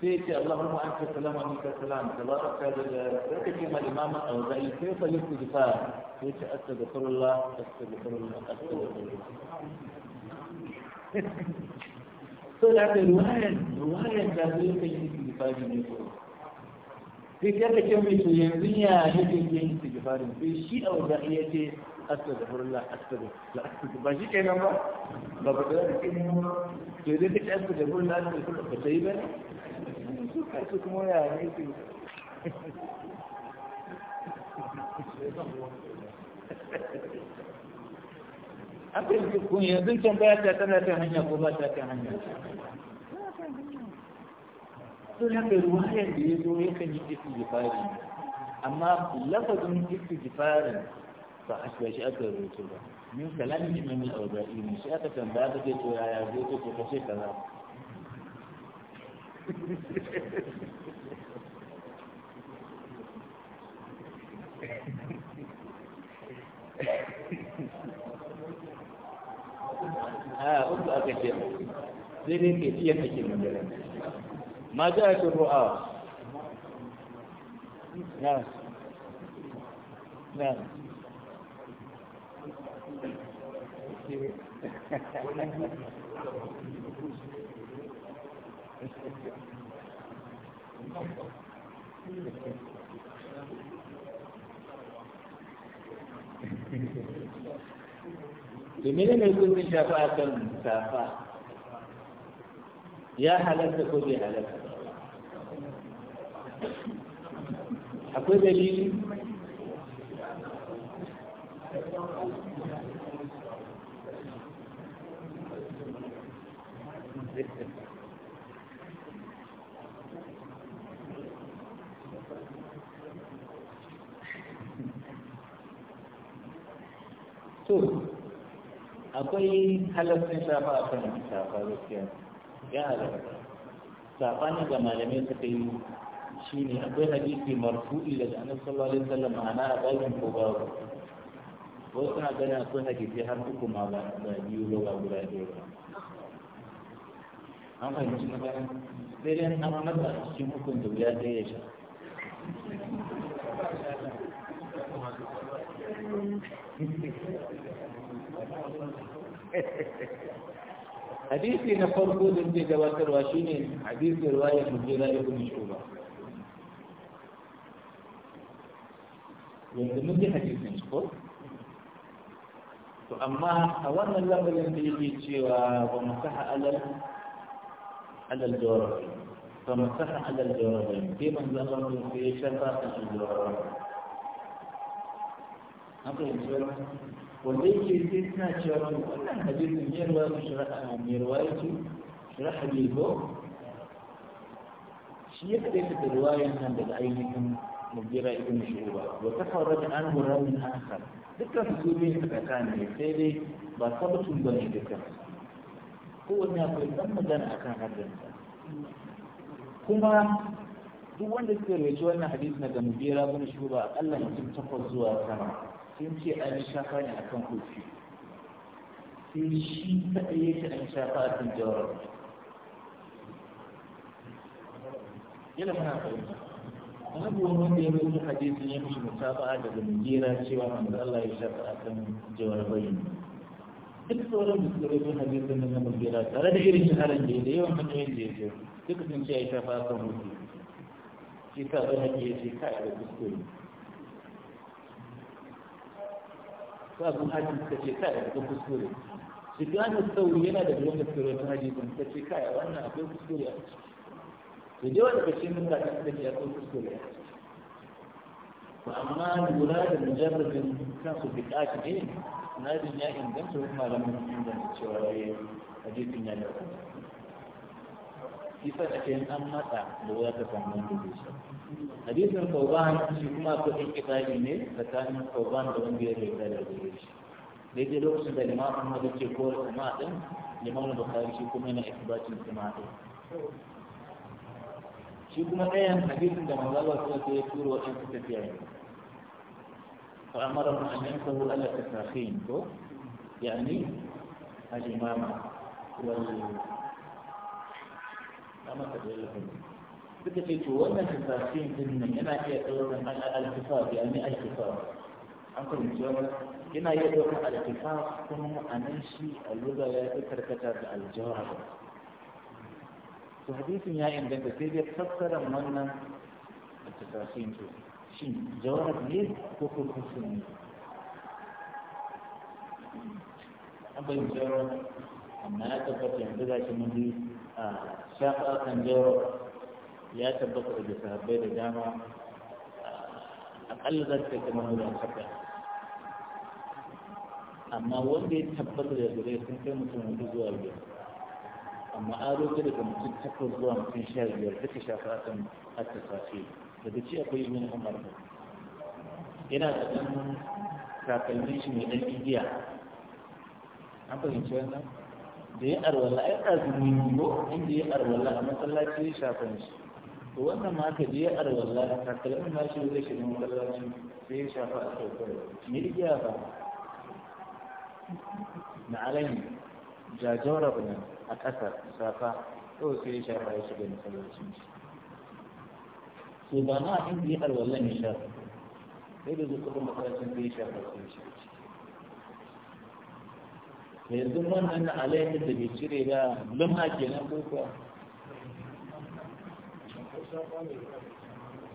sai ce Allahumma anta salamu minka salam tabaraka da kake ce ma imama au zai sai fa istighfar sai ce astaghfirullah astaghfirullah astaghfirullah so da ka ruwayan ruwayan da zai ka yi istighfari ne ko sai ka da kin mai yanzu ya yake yin istighfari sai shi a wanda ya ce astaghfirullah astaghfirullah ba shi kenan ba ba ba da kenan ba to dai ka astaghfirullah astaghfirullah ba ba su ka su kuma ya ne su Thank you. aka yi kun yanzu tambaya ta tana ta hanya ko ba ta ta hanya to ya kai ruwayar da ya zo ya kan yi istighfari amma lafazin istighfarin ba a shi aka rubuta ba min kalamin imam al-awza'i ne shi aka tambaya da ke to yaya zai to ko kace kaza sai dai ke iya kake magana ma ja ta ru'a na na Domin ne mai shafa a kan safa ya halatta ko bai halatta akwai dalili to akwai halattun shafa a kan shafa gaskiya ya halatta sabani ga malamai suka yi shi ne akwai hadisi marfu'i daga annabi sallallahu alaihi wasallam ma'ana a ko babu wasu na ganin akwai hadisi har uku ma ba biyu ba guda ɗaya ba an fahimci magana sai dai an masa a cikin hukun da guda ɗaya ya sha Thank you. حديثي نقول قول انت جواتر واشيني حديث رواية مجيلة ابن شعوبة يلزمني حديث نشكر فأما أولا لما لم يجي شيوا ومسح على على الدور فمسح على الدور في من ظلم في شفاقة الدور haka yanzu wani wanda yake sai suna cewa wani wannan hadisin ne ruwa su shira'a mai ruwaya ce shira'a ne ko shi ya kaɗai ta ruwayan nan daga ainihin mubira ibn shuba wa an anhu rawin akhar dukkan su ne tsakanin kane sai dai ba sabatun ne dukkan kowanne akwai dan magana akan hadinsa kuma duk wanda suka rawaci wannan hadisi daga mubira ibn shuba akalla mutum takwas zuwa sama sun ce an shafa ne akan kofi sai shi kaɗai ya ce an shafa a kan jawar yana mana fahimta babu wani wanda ya haɗe hadisin yi mishi musaba'a daga mujera cewa manzo Allah ya shafa a kan jawar bayyana duk sauran da suka haɗe sun na mujera tare da irin shaharar da ya da yawan hanyoyin da ya ce duka sun ce ya shafa a kan mutu shi sa ɗan hajji ya ce kai da kuskure su abu hajji suka ce kai a kuskure Shi Sufyan sauri yana da ruwan da suke ta hadisin ta ce kai wannan akwai kuskure a ciki. To da yawa daga cikin mutane suka ce akwai kuskure a ciki. Ba amma lura da mujarrabin kansu shi ne, nadin ya inganta wasu malaman sun inganta cewa ya yi hadisin ya da yasa ake yin an matsa da wata ta samu wanda zai hadisin tauban shi kuma ko in kitabi ne tsakanin tauban da wanda ya rika da gare shi daidai lokacin da limamu Ahmad ke ko kuma din limamu kai shi kuma yana isbatin kuma din shi kuma ɗayan hadisin da manzo Allah sallallahu ya turo wa ɗan tafiya ne fa amara mu an yankahu ala tasakhin ko yani al-imama wal رحمك الله بتفيتوا وما في فاسين تنمي أما هي تقولون الكفار يعني الكفار أنكم يتوانا لما يدوك الكفار كما أنشي اللغة يأكر كتاب الجواب تحديث يا إن بنت سيدي تفكر من التفاسين تنمي شين جواب ليه كفر كفر مني أبا يتوانا أما أتفاك ينبغي كمان ليه a shafa kan jawo ya tabbata da sahabbai da dama aƙalla za kai kamar da haka amma wanda ya tabbata da gare sun kai mutum hudu zuwa biyar amma an roƙi daga mutum takwas zuwa mutum sha biyar duka shafa akan da daga ci akwai ibn umar yana da ɗan takalmin shi mai ɗan igiya an fahimci wannan da ya arwala ai azumin biyo inda ya arwala a masallaci ya shafa shi to wannan ma ka je ya arwala a takalmin ma shi zai shiga masallaci sai ya shafa a saukar me iya ba na alayi jajawar abu ne a ƙasa safa kawai sai ya shafa ya shiga masallaci sai ba ma inda ya arwala ne shafa sai da zuwa masallacin sai ya shafa sai ya shafa yanzu wannan na alayyar da bai cire ba lumha kenan nan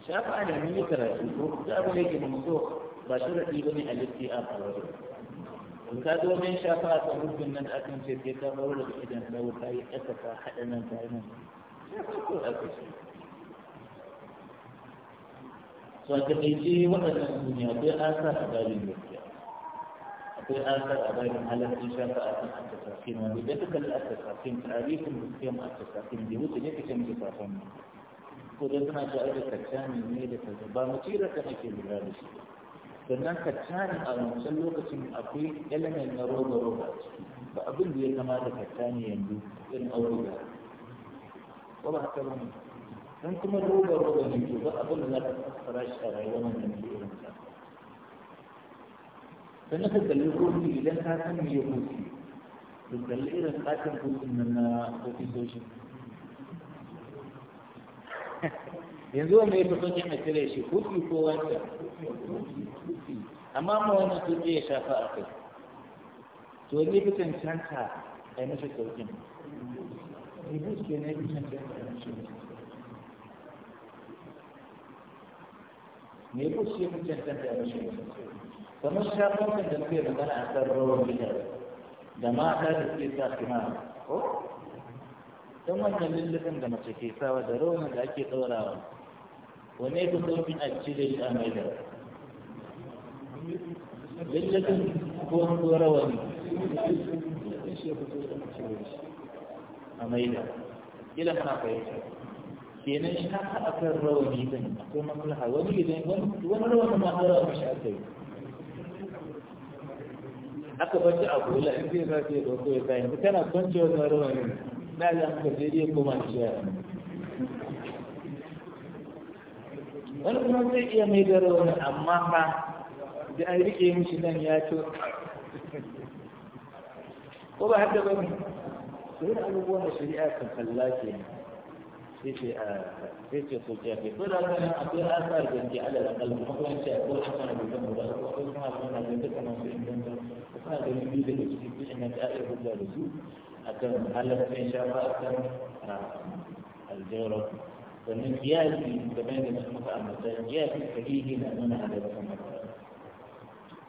shafa da ni karatu ko da abu da mutu Ba shi sharaɗi ba ne a lissi a faru in ka zo min shafa a tsamukin nan akan ce sai ka faru da idan na wuta yi ƙasa haɗa nan ta nan so a taƙaice waɗannan duniya bai an a galibin آه، في آثر عليهم على الإنشاء فأثنى أن تتركين وبيتك للأتتركين تعريف المسيام أتتركين بيوت نفسك من جفافهم كودتنا جائدة كتان من ميدة الزبا مطيرة تحكي بالرابش فنان كتان المسلوة كتن أبي إلا من روض روض فأبن بيتنا مادة كتان يندو إن أولوها والله كرمي فنكم روض روض نجو فأبن لا تتفرش أرعي ومن نجو إلا مسافر sai na kalli kofi idan ka san me ya kofi to kalli irin katin kofin nan na ofisoshin yanzu wanda ya fito ne mai cire shi kofi ko wanda amma ma wani ya shafa a kai to ne fi cancanta a yi masa sauƙin ke ne fi cancanta a yi masa sauƙin ne a yi masa sauƙin kamar shafofin da muke magana a kan rawan gidan da mata da suke sa kimani ko don wannan lullufin da mace ke sawa da rawan da ake ɗaurawa wanne ku sauƙin a cire shi a mai da lullufin ko ko rawani a mai da kila muna fahimta kenan shi haka akan rawani din akwai maslaha wani gidan wani rawani ma har a mashi aka yi aka bar shi a kula in zai zafi ya dauko ya kayan tana kwanciyar wani ruwan ne na yi an ka zai koma shi ya wani kuma zai iya mai da rawan amma ba, da an rike mishi nan ya ci ko ba haka ba ne sai abubuwan da shari'a kan kalla ke ne sai ce sokiya ke ko da kana akwai asar da ke ala da kalmi akwai wani ce akwai asar da kan ba akwai kuma abin da ke kana su inganta ko kana da biyu daga cikin su ina ta iya hujja da su akan halaccin shafa akan aljawar sannan kiyasi da bayan da muka ambata kiyasi sahihi na nuna halaccin mata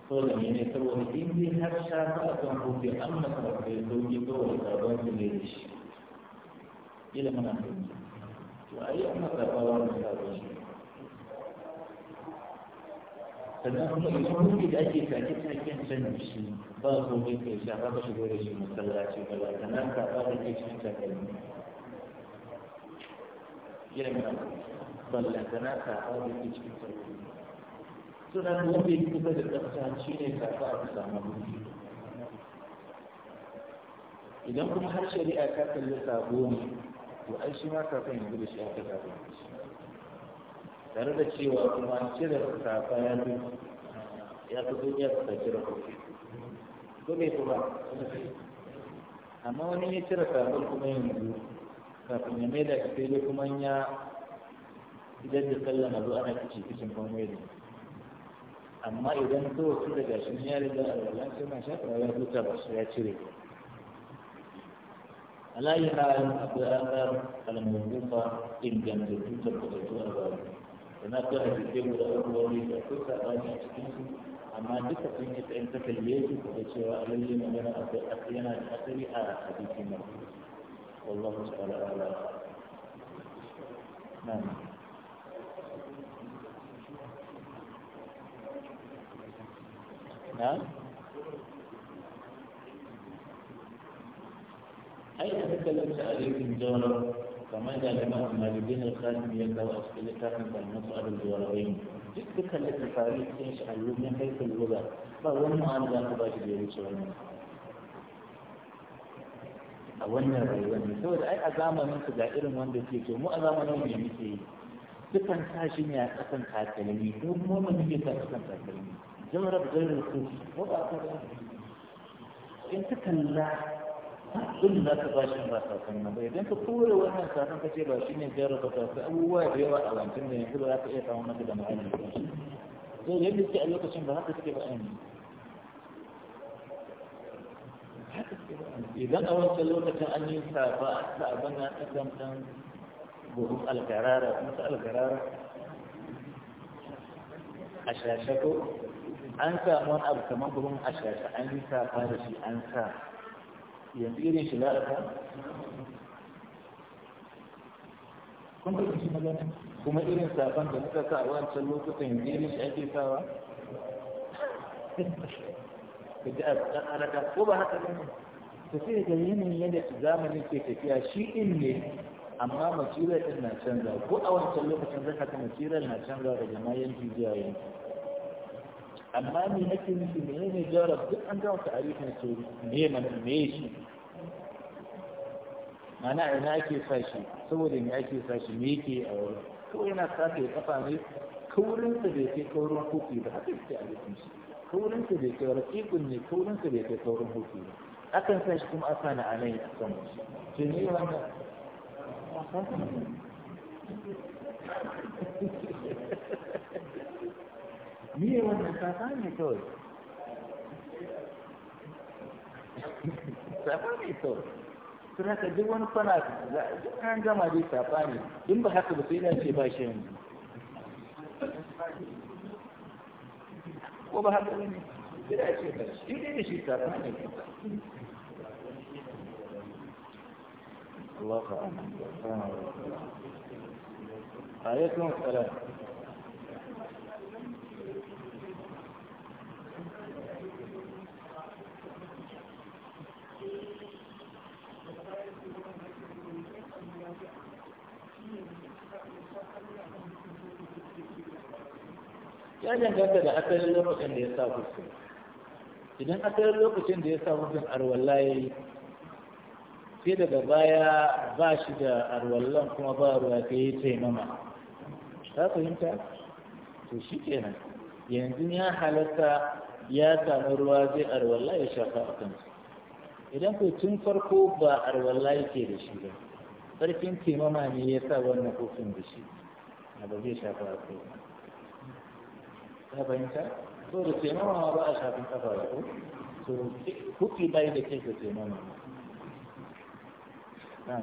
so da ne ne saboda in dai har shafa akan hujja amma sarrafa ya sauki kawai sabon su ne da shi ilimin amfani to a sannan kuma da ake ta kyan can shi ba komai kai sha ba ka shigo da shi masallaci ba ka ba da ke cikin takalmi yana ballantana ba da ke cikin takalmi da wanda ya da tsafta shi ne karɓa a bisa mabuki idan kuma har shari'a ta kalli sabo ne to ai shi ma kafin yanzu da shi aka kafin tare da cewa kuma an cire kafa ya fi ya fi duniya ta cire kofi ko bai kuma amma wani ya cire kafa kuma yanzu kafin ya mai da kafa dai kuma ya idan da sallah na zo ana kici kicin ban wani amma idan to su daga shi ya riga a lalace na shafa ya huta ba su ya cire alayi halin akwai asar al-mawdufa ingantattu tabbatattu a baya sana ta hadisai mu da abubuwan da akwai sabani a cikin su amma duka sun yi tsayin takalle su da cewa alayyi magana akwai asali yana da asali a hadisi ai da suka lantar alaikin jawar kamar da liman malibin al-khatim ya kawo a cikin littafin kalmasu adal jawarai duk duka littafari cikin shi allumin haifin lura ba wani ma'ana za ka ba da ya wuce wannan a wannan rayuwar ne saboda ai a su ga irin wanda ke to mu a ne muke yi dukan tashi ne a kasan takalmi ko in ta kalla dole za ka ba shi ba kan nan ba idan ka tura wannan kafin ka ce ba shi ne jarraba kafin abubuwa da yawa a wancan da yanzu ba za ka iya samun maka da ma'ana ba shi to yadda suke a lokacin ba haka suke ba a yanzu idan a wancan lokacin an yi safa ta abin na ɗan ɗan buhun algarara masu algarara a ko. an samu wani abu kamar buhun a shasha an yi safa da shi an sa yanzu irin shi la'aka kun kuma irin safan da suka sa wancan lokutan yanzu irin shi ake sawa ka ji a ko ba haka ba ta sai ga yanayin yadda zamanin ke tafiya shi in ne amma masirar na canza ko a wancan lokacin zaka ta masirar na canza da jama'a yanzu zuwa amma me nake nufi me ne jarab duk an gawa ta'arifin su me mana me shi mana ina ake sa shi saboda me ake sa shi me yake a wurin Ko yana sa ya kafa ne kaurinsa bai kai kaurin kofi ba haka yake a jikin shi kaurinsa bai kai raƙiƙun ne kaurinsa bai kai kaurin kofi ba akan sa shi kuma asa sa na anai a kan shi to ne wanda miye wannan safa ne kawai safa ne kawai sun haka duk wani fana duk an gama dai safa ne in ba haka ba sai na ce ba shi yanzu ko ba haka ba ne sai ce ba shi dai da shi safa ne الله أعلم عليكم السلام ya danganta da asalin lokacin da ya sa hukun idan asalin lokacin da ya sa hukun arwallaye sai daga baya ba shi da arwallon kuma ba ruwa ta yi taimama ta fahimta to shi kenan yanzu ya halatta ya sami ruwa zai arwalla ya shafa a kansu idan ku tun farko ba arwalla ke da shi ba sarkin taimama ne ya sa wannan hukun da shi ba zai shafa a kansu ka fahimta so da taimama ba a shafin kafa ba ko so kuki bai da kai ka taimama na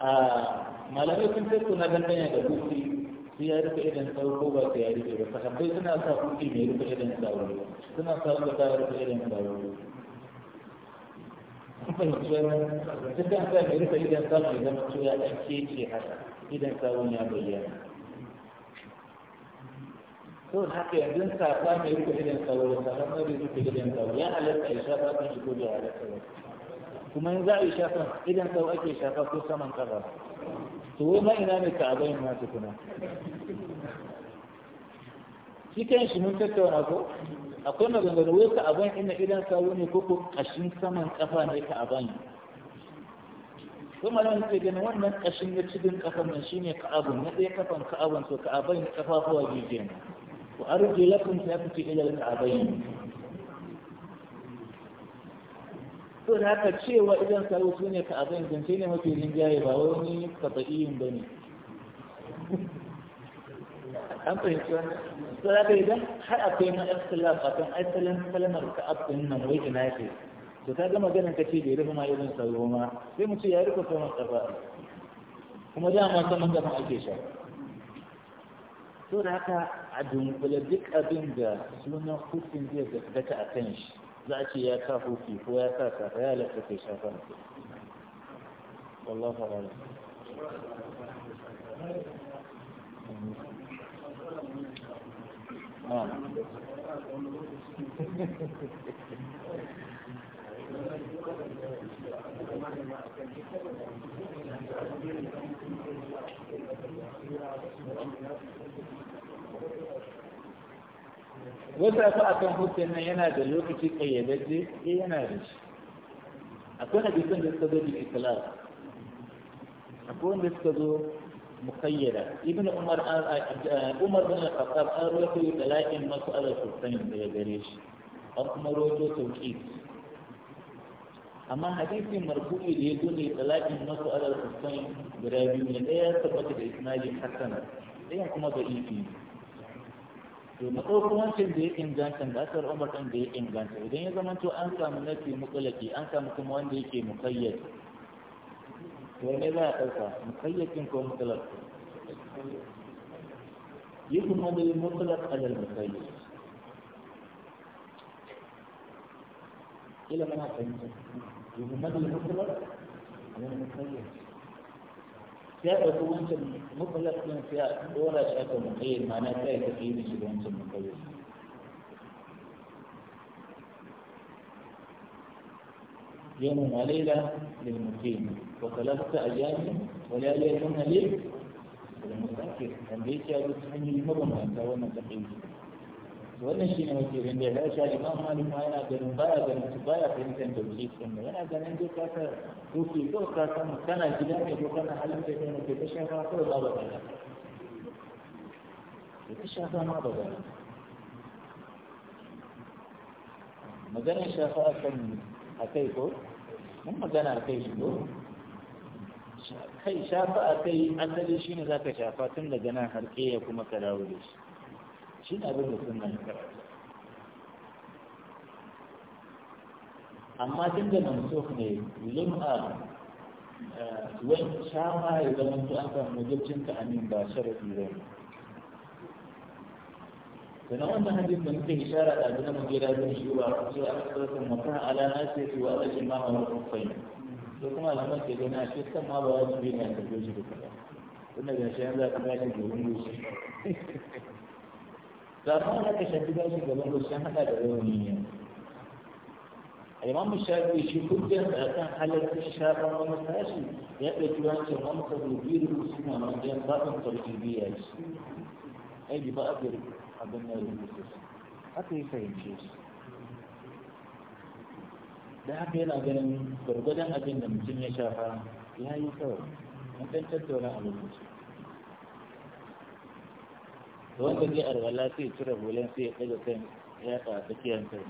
ah, malamai sun tattuna dangane da kuki su ya rufe idan sauro ba su ya rufe ba sahabbai suna sa kuki mai rufe idan sauro suna sa kuka rufe idan sauro duk an sa mai rufe idan sa mai zama cewa ya kece haka idan sabon ya bayyana to haka yanzu safa mai rufe idan sabon safa mai rufe idan sabon ya halatta ya shafa kan shi ko da halatta ba kuma in za a yi shafa idan sau ake shafa ko saman kaza. to wai ma ina ne ka ka'abai ma tukuna shi kan shi mun tattauna ko akwai maganganu wai ka abin ina idan ka ne ko kashin saman kafa ne ka abin kuma nan ke ganin wannan kashin ya cikin kafan nan shine abin na ɗaya kafan abin to ka'aban kafafuwa biyu ne wa arji lakum ta fi ila al-ka'abayn to da ka cewa idan ka abin dan sai ne mafi rinjaye ba wani kafa'iyin bane an fahimci wannan sai da idan har akwai na ikhtilaf akan ai salan salamar ka abin nan wai ina ce to ta ga maganar ka ce bai rufe ma irin sauro ma sai mu ce ya rufe saman kafa kuma dama saman gaban ake sha to da haka a dunkule duk abin da sunan hukun zai gaskata a kan shi za a ce ya sa hukki ko ya sa kafa ya lafa kai shafa wallahu a'lam Thank you. wata a kan hutun nan yana da lokaci kayyadajje eh yana da shi akwai hadisan da suka zo da akwai wanda suka zo مخيلة ابن عمر عمر بن الخطاب أروى في ثلاثين مسألة سلطان بيجريش أكمروا جو توكيد amma hadisin marfu'i da ya zo ne talakin برابي من husain guda biyu حسنة ɗaya ya tabbata da isnadin hasan kuma da to na ɗauko wancan da ya inganta da asar umar ɗan da ya inganta idan ya zama to an samu nafi mutsalaki an samu kuma wanda yake mukayyar وماذا أتوقع مقيد يكون مطلق يجمد المطلق على المقيد إلى من أفهمت يجمد المطلق على المقيد يا أخوان مطلق من سيأتوا ولا شاكم مقيد معناتها سيأتوا فيه من سيأتوا يوم وليلة للمقيم وثلاثة أيام وليالي منها ليل للمذاكر أن ليس يجوز أن يمرنا أن تهون تقيم وأنا شيء ما يصير عندي لا شيء ما هو مالي ما أنا بدون بايع بدون بايع في مكان تبليس كم أنا كان عندي كاسة روسي كل كاسة مكان الجيران يبغى كان حلم كده إنه كده شيء ما أقوله ضابط هذا كده شيء هذا ما ضابط هذا مثلا شيء هذا a kai ko mun magana a kai shi ko kai shafa a kai asali shi ne za ka shafa tun daga nan har ya kuma ka dawo da shi shi na abin da sun nan karatu amma tun da so ne lim'a eh, wani shafa ya zama to an samu wajibcin ta amin ba sharafi zai sannan wannan hadis da muke ishara da abin mu gida zai shi wa ce a kasarsun mutum ala na ce su wa alashin ma a wani kufai to kuma alamar ke gani a ce kan ma ba wa su biyu na tafiye shi duka ba tunda ga shi yanzu aka gashi gaban goshi zafin da aka shafi gashi gaban goshi an haɗa da rawani ne imam shafi shi hujjar da akan halatta shafan wani sashi ya ɗauki wancan wani sabbin biyu da suna wajen babin tarjibiyya ce ai bi ba a abin ya rubuta su haka ya fahimce su da haka yana ganin gwargwadon abin da mutum ya shafa ya yi kawai an ɗan tattauna a lokaci da wanda zai arwala sai cire hulen sai ya ɗaga kan ya a tsakiyar kai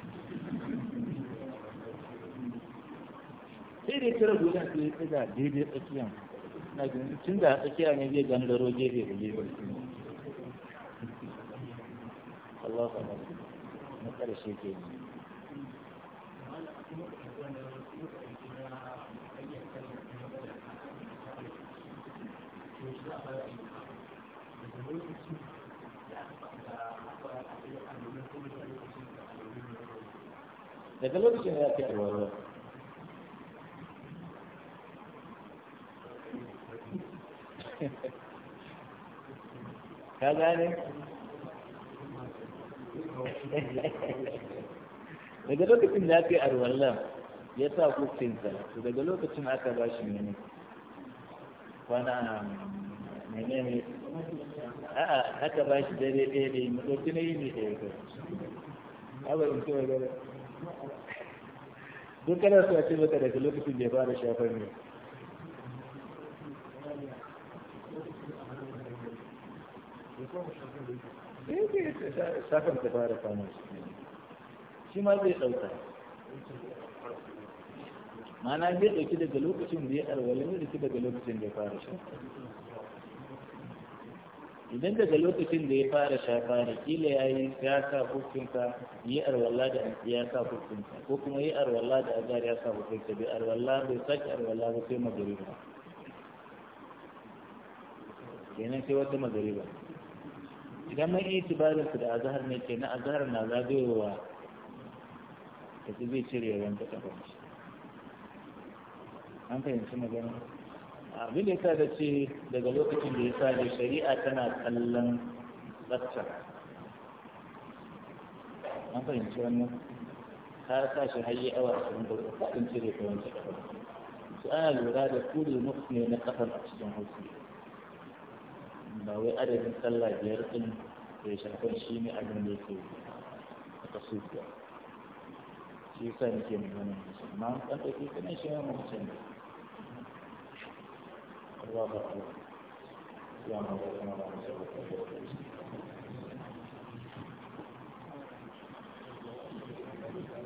sai dai cire hulen sai ya ɗaga daidai tsakiyar na ganin tun da tsakiya ne zai gano da roge da gefe Allah faɗa na ƙarshe ke yi daga lokacin da ya fi alwala ka gane daga lokacin da aka yi arwallon ya sa kufinsa to daga lokacin aka ba shi ne kwana ne a'a aka ba shi dare ɗaya da yi mutoci na yi ne da ya abar in cewa gara duk kana so a ce maka daga lokacin da ya fara shafar ne Thank you. sakan ta fara kama shi shi ma zai ɗauka mana zai ɗauki daga lokacin da ya alwala ne da daga lokacin da ya fara shafa idan daga lokacin da ya fara shafa ne kila ya yi ya sa hukunka yi arwala da ya sa hukunka ko kuma yi arwala da azar ya sa hukunka bai arwala bai sake arwala ba sai magariba kenan sai wata magariba idan mai itibarin su da azahar ne ke na azahar na zagayowa da su zai cire ran ta tabanci an fahimci magana abin da ya da ce daga lokacin da ya sa da shari'a tana kallon tsafta an fahimci wannan ta sa shi hayi awa a ashirin da uku cire ta wancan kafa su ana lura da kuri nufi ne na kafar a cikin hausa ba wai adadin sallah biyar din da ya shafar shi ne abin da yake a kasuwa shi sa ke magana amma an ɗauki kanan shi ne mutum ne Allah ba ku ya mu ba kuma ba mu da kuma